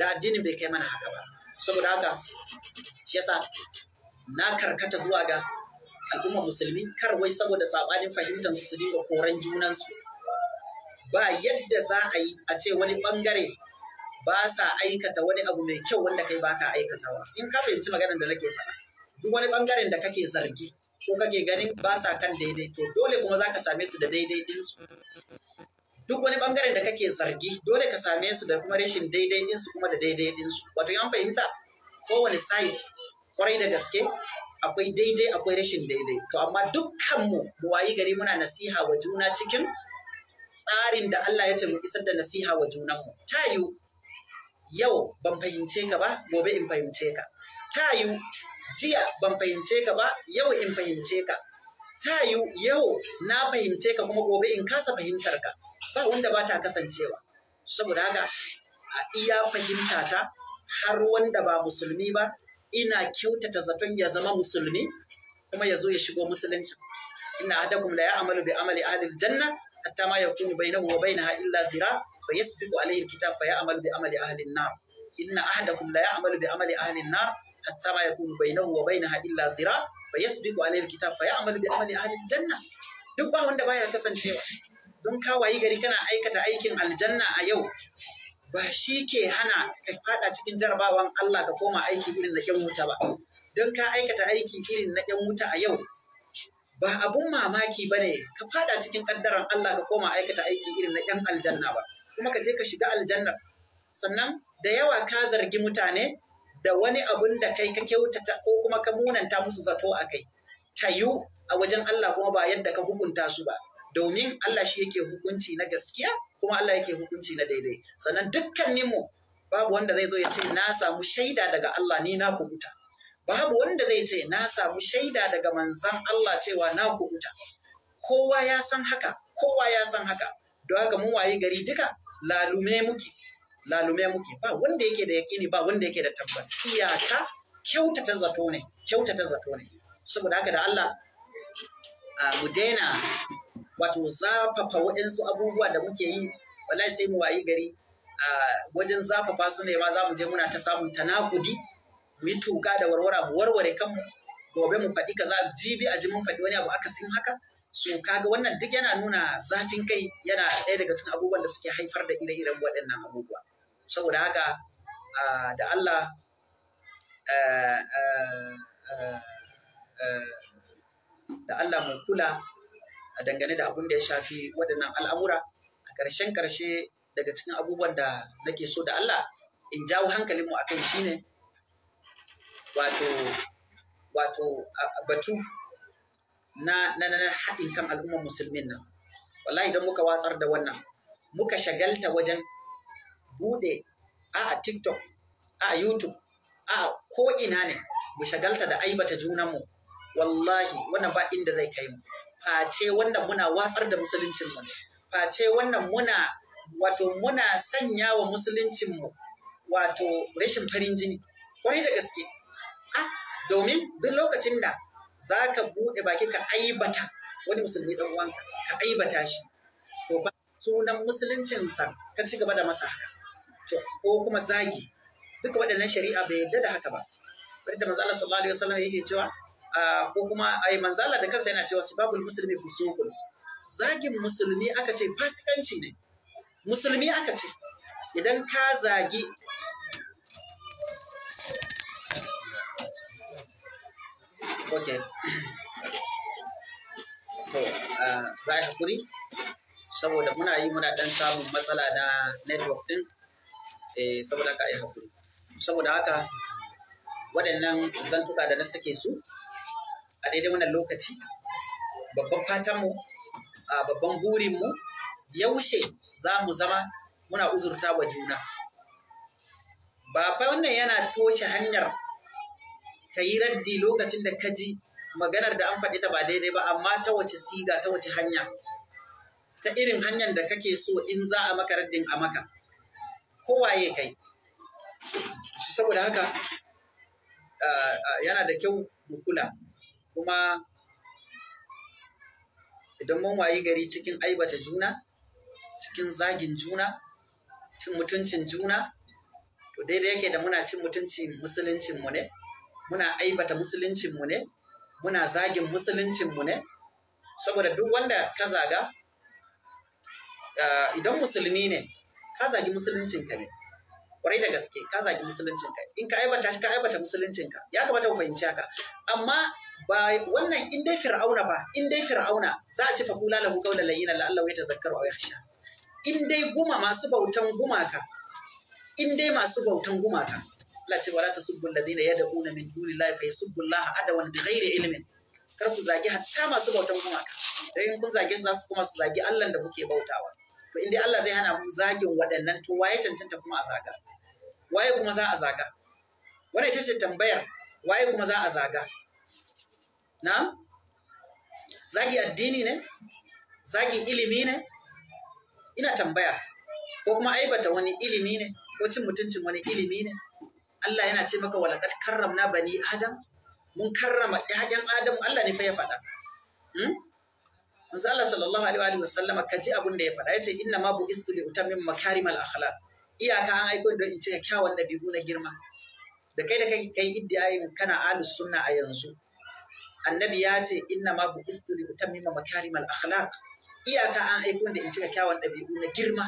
[SPEAKER 1] da addinin bai kai mana haka ba saboda haka shi yasa na karkata zuwa ga al'ummar musulmi kar wai saboda sabanin fahimtar su su dinga koran junansu ba yadda za a yi a ce wani bangare ba sa aikata wani abu mai kyau wanda kai baka aikatawa in ka fahimci maganar da nake faɗa duk wani bangaren da kake zargi ko kake ganin ba sa kan daidai to dole kuma za ka same su da daidai din su. duk wani bangaren da kake zargi dole ka same su da kuma rashin daidai din su kuma da daidai din su. wato yan fahimta kowane site kwarai da gaske akwai daidai akwai rashin daidai to amma dukkanmu mu wayi gari muna nasiha wa juna cikin tsarin da Allah ya ce mu isar da nasiha wa junanmu ta yiwu yau ban fahimce ka ba gobe in fahimce ka ta yiwu jiya ban fahimce ka ba yau in fahimce ka ta yiwu yau na fahimce ka kuma gobe in kasa fahimtar ka ba wanda ba ta kasancewa saboda haka a iya fahimta ta har wanda ba musulmi ba ina kyautata zaton ya zama musulmi kuma ya zo ya shigo musulunci Ina hadakum la ya'malu bi amali ahli janna hatta ma yakunu bainahu wa bainaha illa zira fa yasbiqu alayhi alkitab fa ya'malu bi amali ahli an-nar inna ahadakum la ya'malu bi amali ahli an-nar hatta ma yakunu bainahu wa bainaha illa zira fa yasbiqu alayhi alkitab fa ya'malu bi amali ahli al-janna duk ba wanda baya kasancewa don ka wayi gari kana aikata aikin aljanna a yau ba shi ke hana ka fada cikin jarabawan Allah ka koma aiki irin na wuta ba don ka aikata aiki irin na 'yan wuta a yau ba abun mamaki ba ne ka fada cikin ƙaddaran Allah ka koma aikata aiki irin na ƴan aljanna ba, kuma ka je ka shiga aljanna Sannan da yawa ka zargi mutane da wani abun da kai ka kyautata ko kuma ka munanta musu zato a kai. Tayu a wajen Allah kuma ba yadda ka hukunta su ba, domin Allah shi yake hukunci na gaskiya kuma Allah yake hukunci na daidai. Sannan dukkaninmu babu wanda zai zo ya ce na samu shaida daga Allah ni na kubuta. babu wanda zai ce na samu shaida daga manzan Allah cewa na kubuta kowa ya san haka kowa ya san haka don haka mun waye gari duka lalume muke lalume muke ba wanda yake da yakini ba wanda yake da tabbas iyaka ta zato ne kyautata zato ne saboda haka da Allah mu daina wato zafafa waɗansu abubuwa da muke yi wallahi sai mu wayi gari wajen zafafa su ne ma za mu je muna ta samun tanakudi mu yi tuka da warwara mu warware kanmu gobe mu faɗi kaza jibi a ji mun faɗi wani abu aka sin haka so kaga wannan duk yana nuna zafin kai yana ɗaya daga cikin abubuwan da suke haifar da ire-iren waɗannan abubuwa saboda haka da Allah da Allah mu kula dangane da abun da ya shafi waɗannan al'amura a ƙarshen ƙarshe daga cikin abubuwan da nake so da Allah in jawo hankalinmu akan shine wato wato batu na na na haɗin kan al'ummar musulmin nan wallahi idan muka watsar da wannan muka shagalta wajen bude a TikTok a YouTube a ko ina ne mu shagalta da aibata junanmu wallahi wannan ba inda zai kai mu face wannan muna watsar da musuluncin mu ne face wannan muna wato muna sanya wa musuluncin mu wato rashin farin jini kwarai da gaske a ah, domin duk lokacin da za ka buɗe baki ka aibata wani musulmi ɗan uwanka ka aibata shi to ba sunan musuluncinsa ka ci gaba da masa haka ko kuma zagi duka waɗannan shari'a bai yadda da haka ba bari da manzala sallallahu alaihi wasallam yake cewa ko kuma ai manzala da kansa yana cewa sibabul muslimi fusuqun zagin musulmi aka ce fasikanci ne musulmi aka ce idan ka zagi ok to za a hakuri saboda muna yi muna ɗan samun matsala na network ɗin eh, saboda ka yi hakuri saboda haka waɗannan zantuka da na sake su a daidai wannan lokaci babban fatanmu babban burinmu yaushe za mu zama muna uzurta wa juna ba fa wannan yana toshe hanyar ka yi raddi lokacin da ka ji maganar da an faɗi ta ba daidai ba amma ta wace siga ta wace hanya ta irin hanyar da kake so in za a maka raddin a maka waye kai saboda haka yana da kyau mu kula kuma idan mun wayi gari cikin aibata juna cikin zagin juna cin mutuncin juna to daidai yake da muna cin mutuncin mu ne muna aibata musuluncinmu ne muna zagin musuluncinmu ne saboda duk wanda ka zaga eh, idan musulmi ne ka zagi musuluncinka ne kwarai da gaske ka zagi musuluncinka in ka aibata shi ka aibata musuluncinka ya kamata mu fahimci haka amma ba wannan in dai fir'auna ba in dai fir'auna za a ci fa kula lahu qawlan layyina la'alla wa yatadhakkaru aw yakhsha in dai guma masu bautan gumaka in dai masu bautan gumaka Allah ce wala tasubbu alladhina yad'una min dunillahi fa yasubbu Allah adawan ghairi ilmin kar ku zagi hatta masu bautan gumaka dan kun zage su zasu kuma su zagi Allah da kuke bautawa to indai Allah zai hana mu zagin waɗannan to waye cancanta kuma a zaga waye kuma za a zaga wannan ita ce tambayar waye kuma za a zaga Na'am, zagi addini ne zagi ilimi ne ina tambaya ko kuma aibata wani ilimi ne ko cin mutuncin wani ilimi ne Allah yana ce maka walakar karramna bani Adam mun karrama ƴaƴan Adam Allah ne fa ya faɗa hmm? Manzo Allah sallallahu alaihi wa sallam ka ji abin da ya faɗa yace inna ma bu'istu li utammim makarimal akhlaq iyaka an aiko don in cika kyawun ɗabi'u na girma da kai da kai kai iddiyayin kana ahlus sunna a yanzu annabi ya ce inna ma bu'istu li utammima makarimal akhlaq iyaka an aiko da in cika kyawun ɗabi'u na girma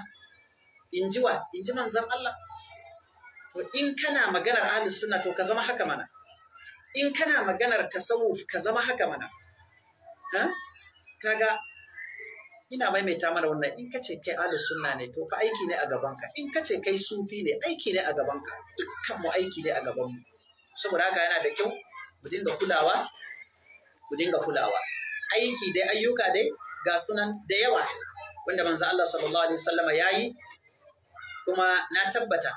[SPEAKER 1] in ji wa in ji manzon Allah to in kana maganar ahlus sunna to ka zama haka mana in kana maganar tasawuf ka zama haka mana ha kaga ina maimaita mana wannan in kace kai ahlus sunna ne to fa aiki ne a gabanka in kace kai sufi ne aiki ne a gabanka dukkan mu aiki ne a gaban mu saboda haka yana da kyau mu dinga kulawa mu dinga kulawa aiki dai ayyuka dai ga sunan da yawa wanda manzo Allah sallallahu alaihi wasallama yayi kuma na tabbata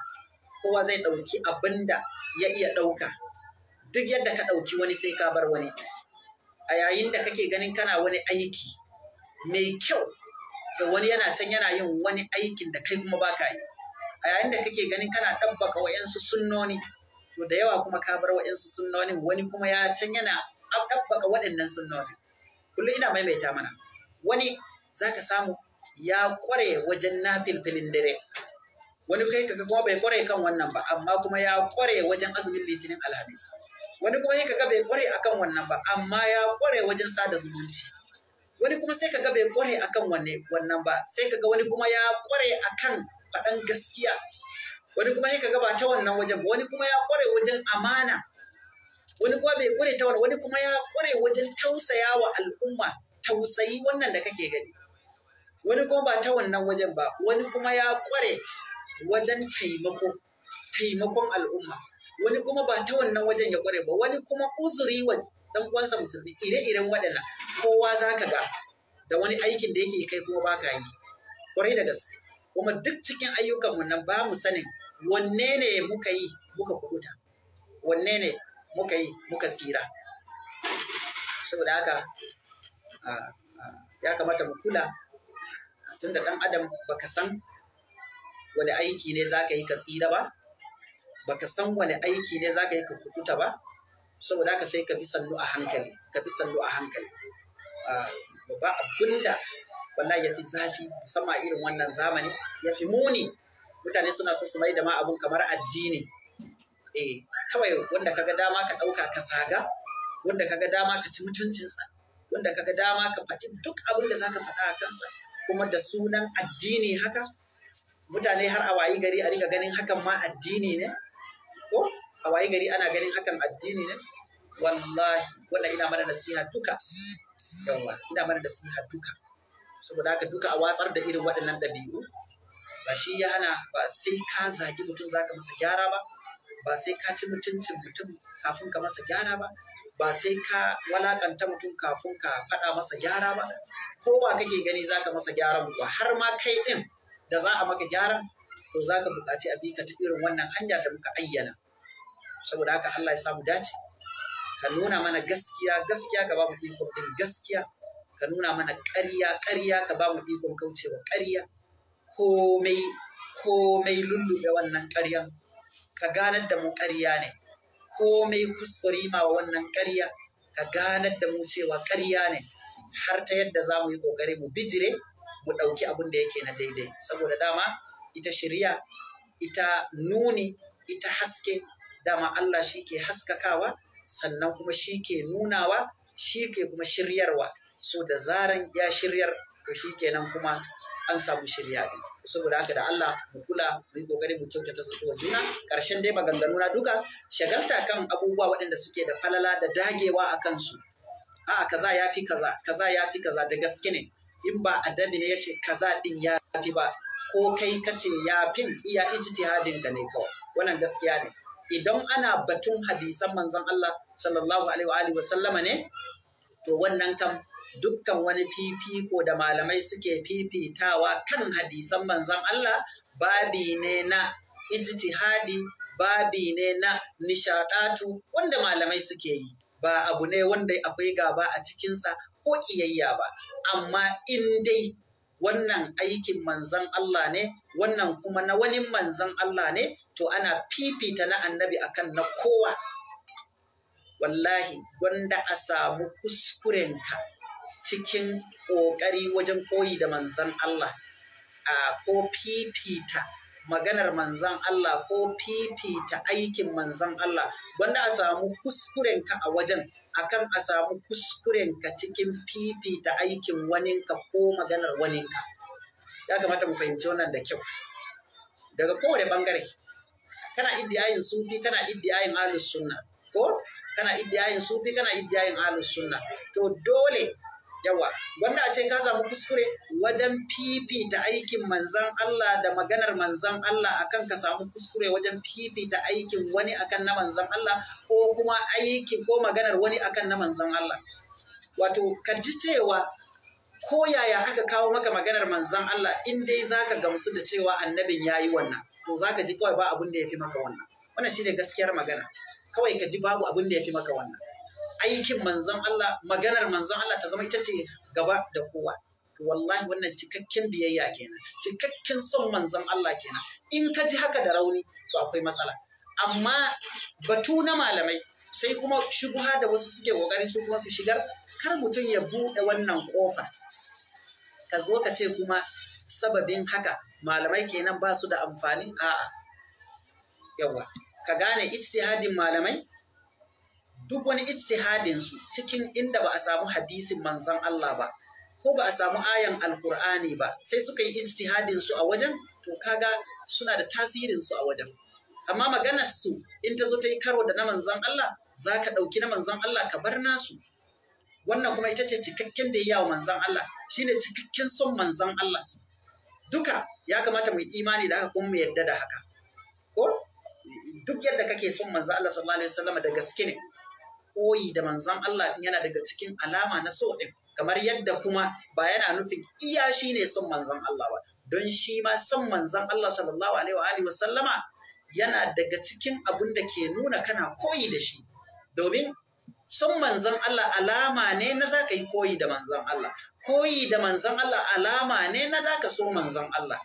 [SPEAKER 1] kowa zai ɗauki abin da ya iya ɗauka duk yadda ka ɗauki wani sai ka bar wani a yayin da kake ganin kana wani aiki mai kyau da wani yana can yana yin wani aikin da kai kuma baka yi a yayin da kake ganin kana ɗabbaka wa'yansu sunnoni to da yawa kuma ka bar wa'yansu sunnonin wani kuma ya can yana ɗabbaka waɗannan sunnonin kullum ina maimaita mana wani zaka samu ya kware wajen filfilin dare wani kai kaga kuma bai kware kan wannan ba amma kuma ya kware wajen azumin litinin alhamis wani kuma sai kaga bai kware akan wannan ba amma ya kware wajen sada zumunci wani kuma sai kaga bai kware akan wanne wannan ba sai kaga wani kuma ya kware akan faɗan gaskiya wani kuma sai kaga ba ta wannan wajen ba wani kuma ya kware wajen amana wani kuma bai kware ta wannan wani kuma ya kware wajen tausaya wa al'umma tausayi wannan da kake gani wani kuma ba ta wannan wajen ba wani kuma ya kware wajen taimako taimakon al'umma wani kuma ba ta wannan wajen ya kware ba wani kuma uzuri wa dan uwansa musulmi ire-iren waɗannan kowa za ka ga da wani aikin da yake kai kuma baka yi kwarai da gaske kuma duk cikin ayyukanmu nan ba mu sanin wanne ne muka yi muka kubuta wanne ne muka yi muka tsira saboda haka ah, ah, ya kamata mu kula tunda ɗan adam baka san wani aiki ne za ka yi ka tsira ba ka san wani aiki ne za ka yi ka kukuta ba saboda haka sai ka bi sannu a hankali ka bi sannu a hankali ba abinda wallahi ya fi zafi sama irin wannan zamani ya fi muni mutane suna so su mai da ma abun kamar addini eh kawai wanda kaga dama ka ɗauka ka saga wanda kaga dama ka ci mutuncinsa wanda kaga dama ka faɗi duk abin da zaka faɗa a kansa kuma da sunan addini haka mutane har a wayi gari a riga ganin hakan ma addini ne ko a gari ana ganin hakan addini ne wallahi wannan ina mana nasiha duka yawa ina mana nasiha duka saboda haka duka a watsar da irin waɗannan ɗabi'u ba shi ya hana ba sai ka zagi mutum zaka masa gyara ba ba sai ka ci mutuncin mutum kafin ka masa gyara ba ba sai ka walakanta mutum kafin ka faɗa masa gyara ba Ko ba kake gani zaka masa gyaran ba har ma kai ɗin da za a maka gyara to za ka buƙaci a bika ta irin wannan hanya da muka ayyana saboda haka Allah ya samu dace
[SPEAKER 3] ka nuna mana
[SPEAKER 1] gaskiya gaskiya ka ba mu ikon din gaskiya ka nuna mana ƙarya ƙarya ka ba mu ikon kaucewa ƙarya komai komai lullube wannan ƙarya ka ganar da mu ƙarya ne komai kuskure ma wannan ƙarya ka ganar da mu cewa ƙarya ne har ta yadda za mu yi ƙoƙari mu bijire mu ɗauki abin da yake na daidai saboda dama ita shirya ita nuni ita haske dama Allah shi ke haskakawa sannan kuma shi ke nunawa shi ke kuma shiryarwa so da zaran ya shiryar to shi kenan kuma an samu shirya ne saboda haka da Allah mu kula mu yi kokari mu kyautata zuwa juna karshen dai maganganu na duka shagalta kan abubuwa waɗanda suke da falala da dagewa a kansu a'a kaza ya fi kaza kaza ya fi kaza da gaske ne in ba a ne ya ce kaza din ya fi ba ko kai ka ce ya fi? iya ijtihadin ka ne kawai wannan gaskiya ne idan ana batun hadisan manzon Allah sallallahu alaihi wa sallama ne to wannan kam dukkan wani fifiko da malamai suke fifitawa kan hadisan manzon Allah babi ne na ijtihadi babi ne na Nishadatu, wanda malamai suke yi ba abu ne wanda akwai gaba a cikinsa ko ƙiyayya ba amma in dai wannan aikin manzan Allah ne wannan kuma na wani manzan Allah ne to ana fifita na annabi akan na kowa wallahi wanda a samu kuskurenka cikin ƙoƙari wajen koyi da manzan Allah a ko fifita maganar manzan Allah ko fifita aikin manzan Allah wanda a samu kuskurenka a wajen akan a samu kuskurenka cikin fifita aikin waninka ko maganar waninka ya kamata mu fahimci wannan da kyau daga kowane bangare kana iddiyayin sufi kana iddiyayin ahlus sunna ko kana iddiyayin sufi kana iddiyayin ahlus sunna to dole yawa wanda a ce ka samu kuskure wajen fifita aikin manzan Allah da maganar manzan Allah akan ka samu kuskure wajen fifita aikin wani akan na manzan Allah ko kuma aikin ko maganar wani akan na manzan Allah wato ka ji cewa ko yaya aka kawo maka maganar manzan Allah in dai zaka gamsu da cewa annabin yayi wannan to zaka ji kawai ba abin da ya fi maka wannan wannan shine gaskiyar magana kawai ka ji babu abin da ya fi maka wannan aikin manzon Allah maganar manzon Allah ta zama ita ce gaba da kowa wallahi wannan cikakken biyayya kenan cikakken son manzon Allah kenan in ka ji haka da rauni to akwai matsala amma batu na malamai sai kuma shubuha da wasu suke kokari su kuma su shigar kar mutum ya buɗe wannan ƙofa. ka zo ka ce kuma sababin haka malamai kenan ba su da amfani a'a yawa ka gane ijtihadin malamai duk wani ijtihadin su cikin inda ba a samu hadisin manzon Allah ba ko ba a samu ayan alkur'ani ba sai suka yi ijtihadin su a wajen to kaga suna da tasirin su a wajen amma maganar su in ta zo ta yi karo da na manzon Allah zaka ɗauki na manzon Allah ka bar nasu wannan kuma ita ce cikakken da a manzon Allah shine cikakken son manzon Allah duka ya kamata mu imani da haka kuma mu yadda da haka ko duk yadda kake son manzon Allah sallallahu alaihi wasallam da gaske ne koyi da manzon Allah din yana daga cikin alama na so ɗin, kamar yadda kuma ba yana nufin iya shi ne son manzon Allah ba don shi ma son manzon Allah sallallahu alaihi wa alihi wasallama yana daga cikin abun da ke nuna kana koyi da shi domin son manzon Allah alama ne na za ka yi koyi da manzon Allah koyi da manzon Allah alama ne na za ka so manzon Allah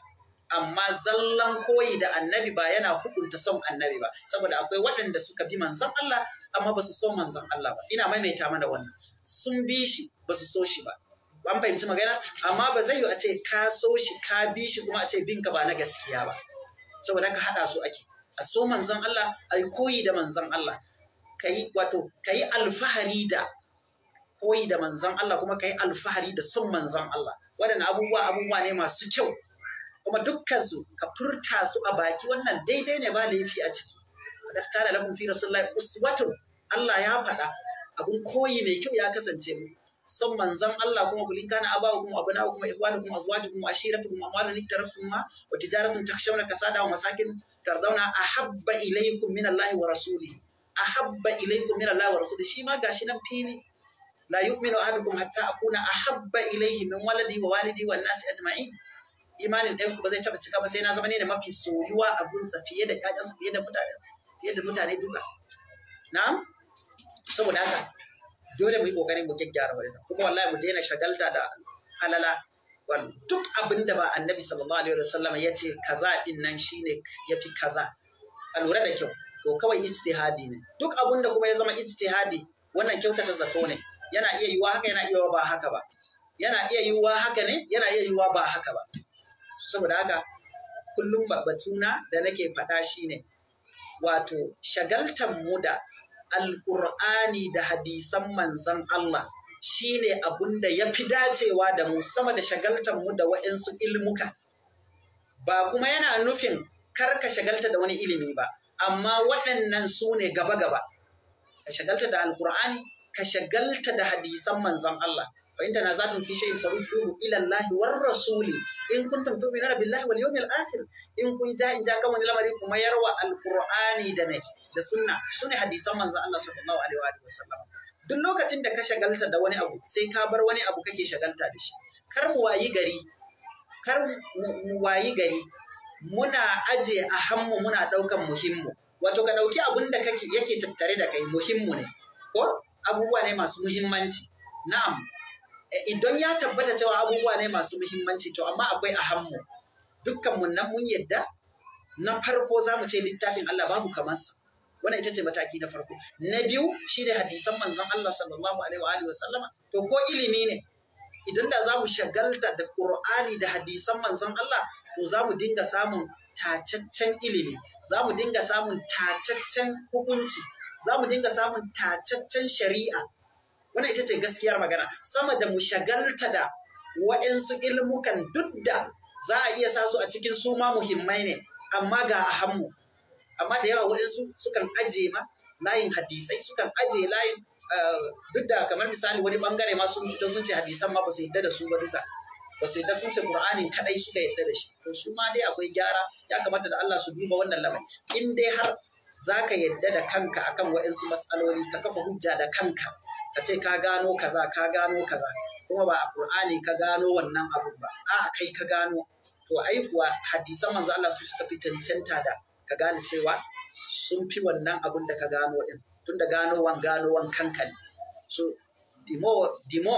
[SPEAKER 1] amma zallan koyi da annabi ba yana hukunta son annabi ba saboda akwai waɗanda suka bi manzon Allah amma ba su so manzan Allah ba ina maimaita mana wannan sun bi shi ba su so shi ba an fahimci magana amma ba zai yi a ce ka so shi ka bi shi kuma a ce binka ba na gaskiya ba saboda ka haɗa su ake a so manzan Allah a yi koyi da manzan Allah yi wato yi alfahari da koyi da manzan Allah kuma ka yi alfahari da son manzan Allah waɗannan abubuwa abubuwa ne masu kyau kuma dukkan su ka furta su a baki wannan daidai ne ba laifi a ciki laqad kana lakum fi rasulillahi uswatun Allah ya faɗa abun koyi mai kyau ya kasance mu san manzan Allah kuma kulin kana abawu kuma abuna kuma ikhwanu kuma azwaju kuma ashiratu kuma amwalu niktarafu kuma wa tijaratun takhshawna kasada wa masakin tardawna ahabba ilaykum min Allah wa rasulihi ahabba ilaykum min Allah wa rasuli shi ma gashi nan fili la yu'minu ahadukum hatta akuna ahabba ilayhi min waladi wa walidi wa nasi ajma'in imanin ɗayan ku ba zai taɓa cika ba sai na zama ne da mafi soyuwa a gunsa fiye da ƴaƴansa fiye da mutane Yadda mutane duka na saboda haka dole mu yi kokarin mu gyaggyara wannan kuma wallahi mu daina shagalta da halala duk abin da ba annabi sallallahu alaihi wasallam ya ce kaza din nan shine yafi kaza a lura da kyau to kawai ijtihadi ne duk abin da kuma ya zama ijtihadi wannan kyautata zato ne yana iya yiwuwa haka yana iya ba haka ba yana iya yiwuwa haka ne yana iya yiwuwa ba haka ba saboda haka kullum batuna da nake faɗa shine wato shagaltan mu da alkur'ani da hadisan manzan Allah shine abun da ya fi dacewa da mu sama da shagaltar mu da wa'insu ilmuka ba kuma yana nufin karka shagalta da wani ilimi ba amma waɗannan su ne gaba-gaba ka shagalta da alkur'ani ka shagalta da hadisan manzan Allah fa in في fi فردوه farudduhu الله والرسول war كنتم in بالله واليوم billahi wal yawmil akhir in kun ja in ja kan wani lamari yarwa da sunna sune hadisan manzon Allah sallallahu duk lokacin da ka shagalta da wani abu sai ka bar wani abu kake shagalta da shi kar mu wayi gari kar mu wayi gari muna aje a hannu muna ɗaukan muhimmu wato ka ɗauki abun da kake yake tattare da kai muhimmu ne ko abubuwa ne masu muhimmanci na'am idan ya tabbata cewa abubuwa ne masu muhimmanci to amma akwai ahammu dukkan mun nan mun yadda na farko za mu ce littafin Allah babu sa, wannan ita ce mataki na farko na biyu shine hadisan manzon Allah sallallahu alaihi wa alihi wasallama to ko ilimi ne idan da za mu shagalta da Qur'ani da hadisan manzon Allah to za mu dinga samun tacaccen ilimi za mu dinga samun tacaccen hukunci za mu dinga samun tacaccen shari'a wannan ita ce gaskiyar magana sama da mu shagalta da wa'insu ilmukan duk da za a iya sa su a cikin su ma muhimmai ne amma ga a hannu amma da yawa wa'insu sukan aje ma layin hadisai sukan aje layin eh, duk da kamar misali wani bangare ma sun fito sun ce hadisan ma ba su yadda da su ba duka ba su yadda sun ce Qur'ani kadai suka yadda da shi to su ma dai akwai gyara ya kamata da Allah su duba wannan lamarin in dai har zaka yadda da kanka akan wa'insu matsaloli ka kafa hujja da kanka ka ce ka gano kaza ka gano kaza kuma ba a Qur'ani ka gano wannan abun ba a kai ka gano to ai kuwa hadisan manzo Allah su suka fi cancanta da ka gane cewa sun fi wannan abun da ka gano din tunda gano wan kanka ne so dimo dimo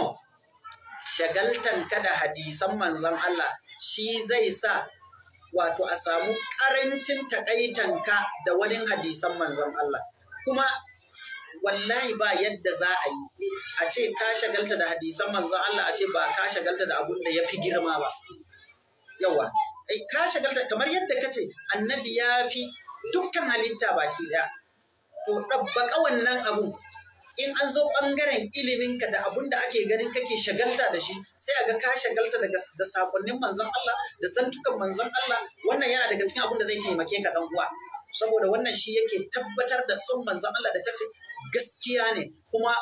[SPEAKER 1] shagaltan ka da hadisan manzon Allah shi zai sa wato a samu ƙarancin takaitanka da wani hadisan manzon Allah kuma wallahi ba yadda za a yi a ce ka shagalta da hadisan manzon Allah a ce ba ka shagalta da abun da ya fi girma ba yawa ka shagalta kamar yadda ka ce annabi ya fi dukkan halitta baki daya to ɗabbaka wannan abun in an zo ɓangaren ka da abun da ake ganin kake shagalta da shi sai a ga ka shagalta da sakonnin manzon Allah da santukan manzon Allah wannan yana daga cikin abun da zai taimake ka dan uwa saboda wannan shi yake tabbatar da son manzon Allah da kace gaskiya ne kuma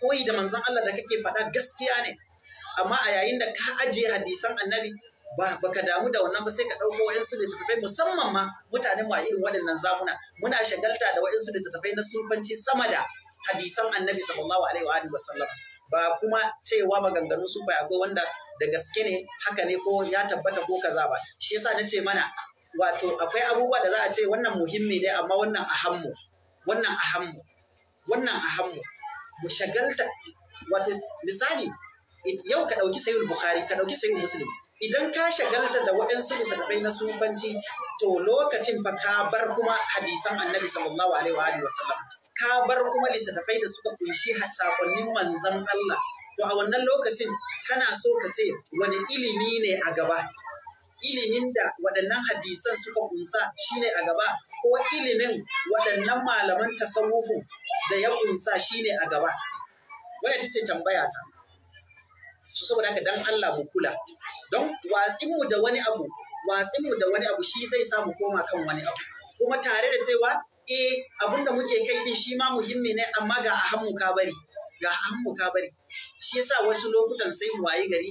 [SPEAKER 1] koyi da manzan Allah da kake faɗa gaskiya ne amma a yayin da ka ajiye hadisan annabi ba baka damu da wannan ba sai ka ɗauko wa'insu littattafai musamman ma mutanen ma irin waɗannan zamuna muna shagalta da wa'insu littattafai na sufanci sama da hadisan annabi sallallahu alaihi wa alihi wasallam ba kuma cewa maganganun su ba akwai wanda da gaske ne haka ne ko ya tabbata ko kaza ba shi yasa na ce mana wato akwai abubuwa da za a ce wannan muhimmi ne amma wannan ahammu wannan ahammu wannan a ahammu mu shagalta wato misali yau ka ɗauki sayul bukhari ka ɗauki sayul muslim idan ka shagalta da waɗansu littattafai na sufanci to lokacin fa ka bar kuma hadisan annabi sallallahu alaihi wa sallam ka bar kuma littattafai da suka kunshi sakonnin manzon Allah to a wannan lokacin kana so ka ce wani ilimi ne a gaba ilimin da waɗannan hadisan suka kunsa shine a gaba ko ilimin waɗannan malaman tasawufu da ya kunsa ne a gaba wanda ta ce tambaya ta su saboda haka dan Allah mu kula don watsinmu da wani abu watsinmu da wani abu shi zai samu koma kan wani abu kuma tare da cewa eh abin da muke kai din shi ma muhimmi ne amma ga ahammu ka bari ga ahammu ka bari shi yasa wasu lokutan sai mu wayi gari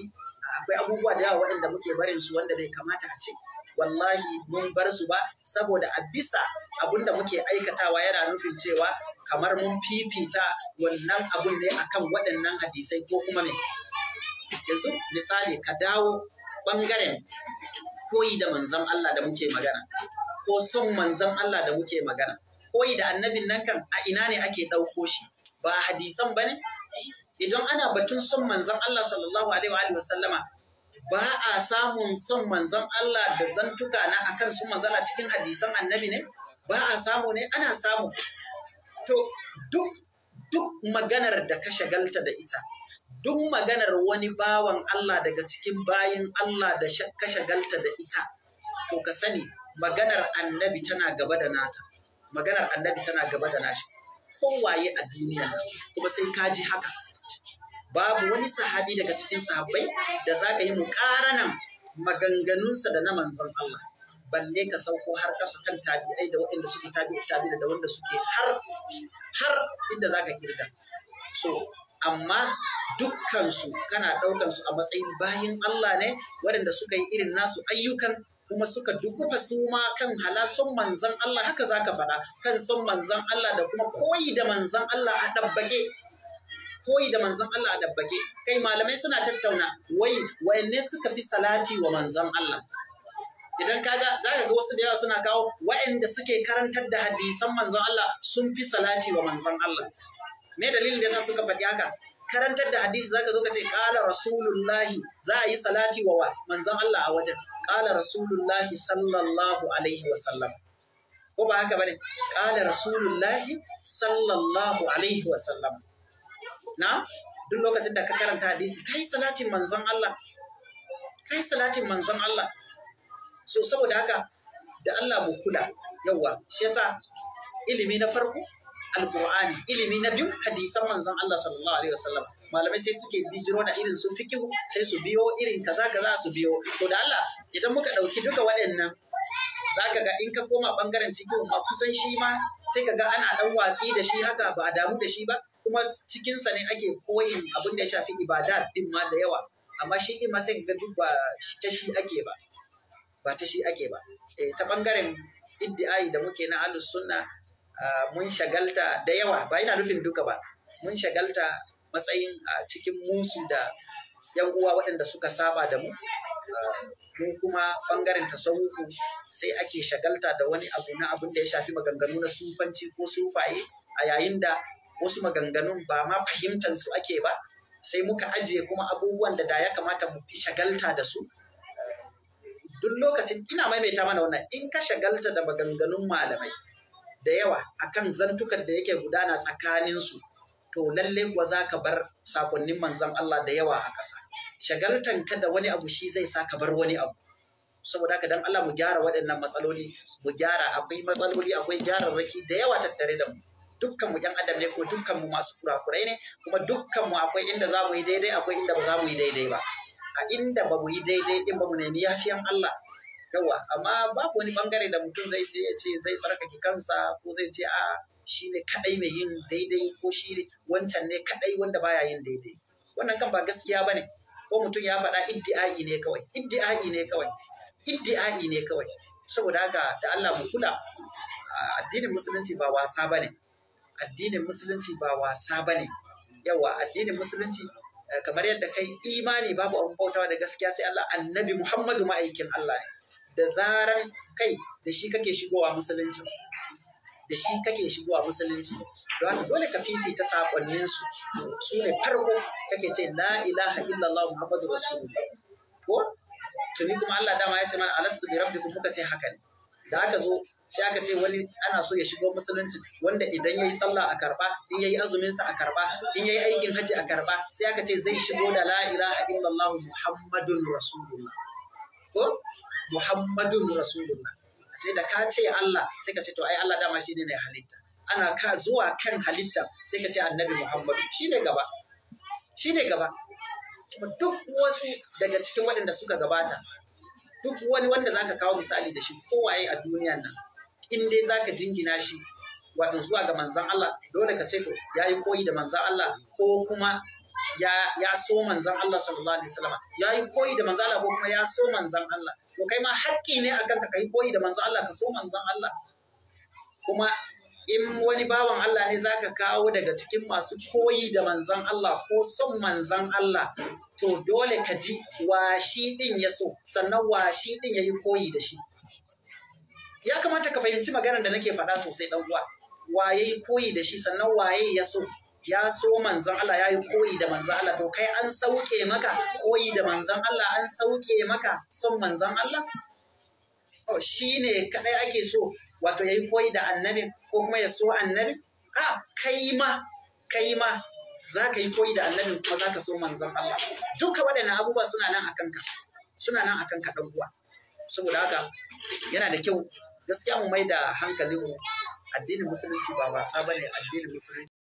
[SPEAKER 1] akwai abubuwa da yawa waɗanda muke barin su wanda bai kamata a ce wallahi mun bar su ba saboda a bisa abun da muke aikatawa yana nufin cewa kamar mun fifita wannan abun ne akan waɗannan hadisai ko kuma me yanzu misali ka dawo bangaren koyi da manzon Allah da muke magana ko son manzon Allah da muke magana koyi da annabin nan kan a ina ne ake ɗauko shi ba hadisan ba ne idan ana batun son manzon Allah sallallahu alaihi wa sallama ba a samun son manzon Allah da zantuka na akan su manzala cikin hadisan annabi ne ba a samu ne ana samu to duk duk maganar da ka shagalta da ita duk maganar wani bawan Allah daga cikin bayin Allah da ka shagalta da ita to ka sani maganar annabi tana gaba da nata maganar annabi tana gaba da nashi kowaye a duniya kuma sai ka ji haka babu wani sahabi daga cikin sahabbai da za ka yi muƙaranan maganganunsa da na manzon Allah balle ka sauko har kasa kan tabi'ai da waɗanda suke tabi'u tabi'u da wanda suke har har inda za ka kirga so amma dukkansu kana ɗaukan su a matsayin bayin Allah ne waɗanda suka yi irin nasu ayyukan kuma suka dukufa su ma kan hala son manzon Allah haka za ka faɗa kan son manzon Allah da kuma koyi da manzon Allah a ɗabbage. koyi da manzon Allah a dabbake kai malamai suna tattauna wai wayanne suka fi salati wa manzon Allah idan kaga zaka ga wasu da yawa suna kawo wayanda suke karantar da hadisan manzon Allah sun fi salati wa manzon Allah me dalilin da yasa suka faɗi haka karantar da hadisi zaka zo ka ce qala rasulullahi za a yi salati wa manzon Allah a wajen qala rasulullahi sallallahu alaihi wa sallam ko ba haka bane qala rasulullahi sallallahu alaihi wa sallam na duk lokacin da ka karanta hadisi kai salatin manzon Allah kai salatin manzon Allah so saboda haka da Allah mu kula yawa shi yasa ilimi na farko alqur'ani ilimi na biyu hadisan manzon Allah sallallahu alaihi wasallam malamai sai suke bijiro da irin su fikihu sai su biyo irin kaza kaza su biyo to da Allah idan muka dauki duka waɗannan zaka ga in ka koma bangaren fikihu ma kusan shi ma sai ka ga ana dan watsi da shi haka ba a damu da shi ba kuma cikinsa ne ake koyin abin da ya shafi ibada din ma da yawa amma shi din ma sai ga duk ba ta shi ake ba ba ta shi ake ba eh ta bangaren iddi'ai da muke na alus sunna mun shagalta da yawa ba ina nufin duka ba mun shagalta matsayin a cikin musu da yan uwa waɗanda suka saba da mu mu kuma bangaren tasawufu sai ake shagalta da wani abu na abin da ya shafi maganganu na sufanci ko sufaye a yayin da wasu maganganun ba ma fahimtar su ake ba sai muka ajiye kuma abubuwan da da ya kamata mu fi shagalta da su duk lokacin ina maimaita mana wannan in ka shagalta da maganganun malamai da yawa akan zantukan da yake gudana tsakanin su to lalle kuwa za ka bar sakonnin manzon Allah da yawa a ƙasa shagaltan ka da wani abu shi zai sa ka bar wani abu saboda haka dan Allah mu gyara waɗannan matsaloli mu gyara akwai matsaloli akwai gyararraki da yawa tattare da mu dukkan mu yan adam ne ko dukkan mu masu kurakurai ne kuma dukkan mu akwai inda za mu yi daidai akwai inda ba za mu yi daidai ba a inda ba mu yi daidai din ba mu nemi yafiyan Allah yawa amma babu wani bangare da mutum zai je ya ce zai tsarkake kansa ko zai ce a shi ne kadai mai yin daidai ko shi ne wancan ne kadai wanda baya yin daidai wannan kan ba gaskiya bane ko mutum ya faɗa iddi'ai ne kawai iddi'ai ne kawai iddi'ai ne kawai saboda haka da Allah mu kula addinin musulunci ba wasa bane addinin musulunci ba wasa ba ne yawa addinin musulunci eh, kamar yadda kai imani babu abin bautawa da gaskiya sai Allah annabi Muhammadu ma'aikin Allah ne da zarar kai da shi kake shigowa musulunci da shi kake shigowa musulunci don dole ka fifita sakonnin su su ne farko kake ce la ilaha illallah muhammadu rasulullah ko tuni kuma Allah dama ya ce mana alastu bi rabbikum muka ce haka ne da aka zo sai aka ce wani ana so ya shigo musulunci wanda idan yayi sallah a karba in yayi azumin sa a karba in yayi aikin haji a karba sai aka ce zai shigo da la ilaha illallah muhammadun rasulullah ko muhammadun rasulullah sai da ka ce Allah sai ka ce to ai Allah dama shi ne halitta ana ka zuwa kan halitta sai ka ce annabi muhammadu shine gaba shine gaba duk wasu daga cikin waɗanda suka gabata duk wani wanda zaka kawo misali da shi kowaye a duniyan nan in dai ka jingina shi wato zuwa ga manzan Allah dole ka ce to ya yi koyi da manzan Allah ko kuma ya, so manzan Allah sallallahu alaihi wasallam ya yi koyi da manzan Allah ko kuma ya so manzan Allah to kai ma haƙƙi ne a kanka ka yi koyi da manzan Allah ka so manzan Allah kuma in wani bawan Allah ne za ka kawo daga cikin masu koyi da manzan Allah ko son manzan Allah to dole ka ji wa shi ɗin ya so sannan wa shi ɗin ya yi koyi da shi ya kamata ka fahimci maganar da nake faɗa sosai ɗan uwa waye koyi da shi sannan waye ya so ya so manzon Allah ya yi koyi da manzon Allah to kai an sauke maka koyi da manzon Allah an sauke maka son manzon Allah oh, shi ne kaɗai ake so wato ya yi koyi da annabi ko kuma ya so annabi a kai ma kai ma za ka yi koyi da annabi kuma za ka so manzan Allah duka waɗannan abubuwa suna nan a kanka suna nan a kanka ɗan uwa saboda haka yana da kyau gaskiya mu mai da hankalinmu addinin musulunci ba wasa bane addinin musulunci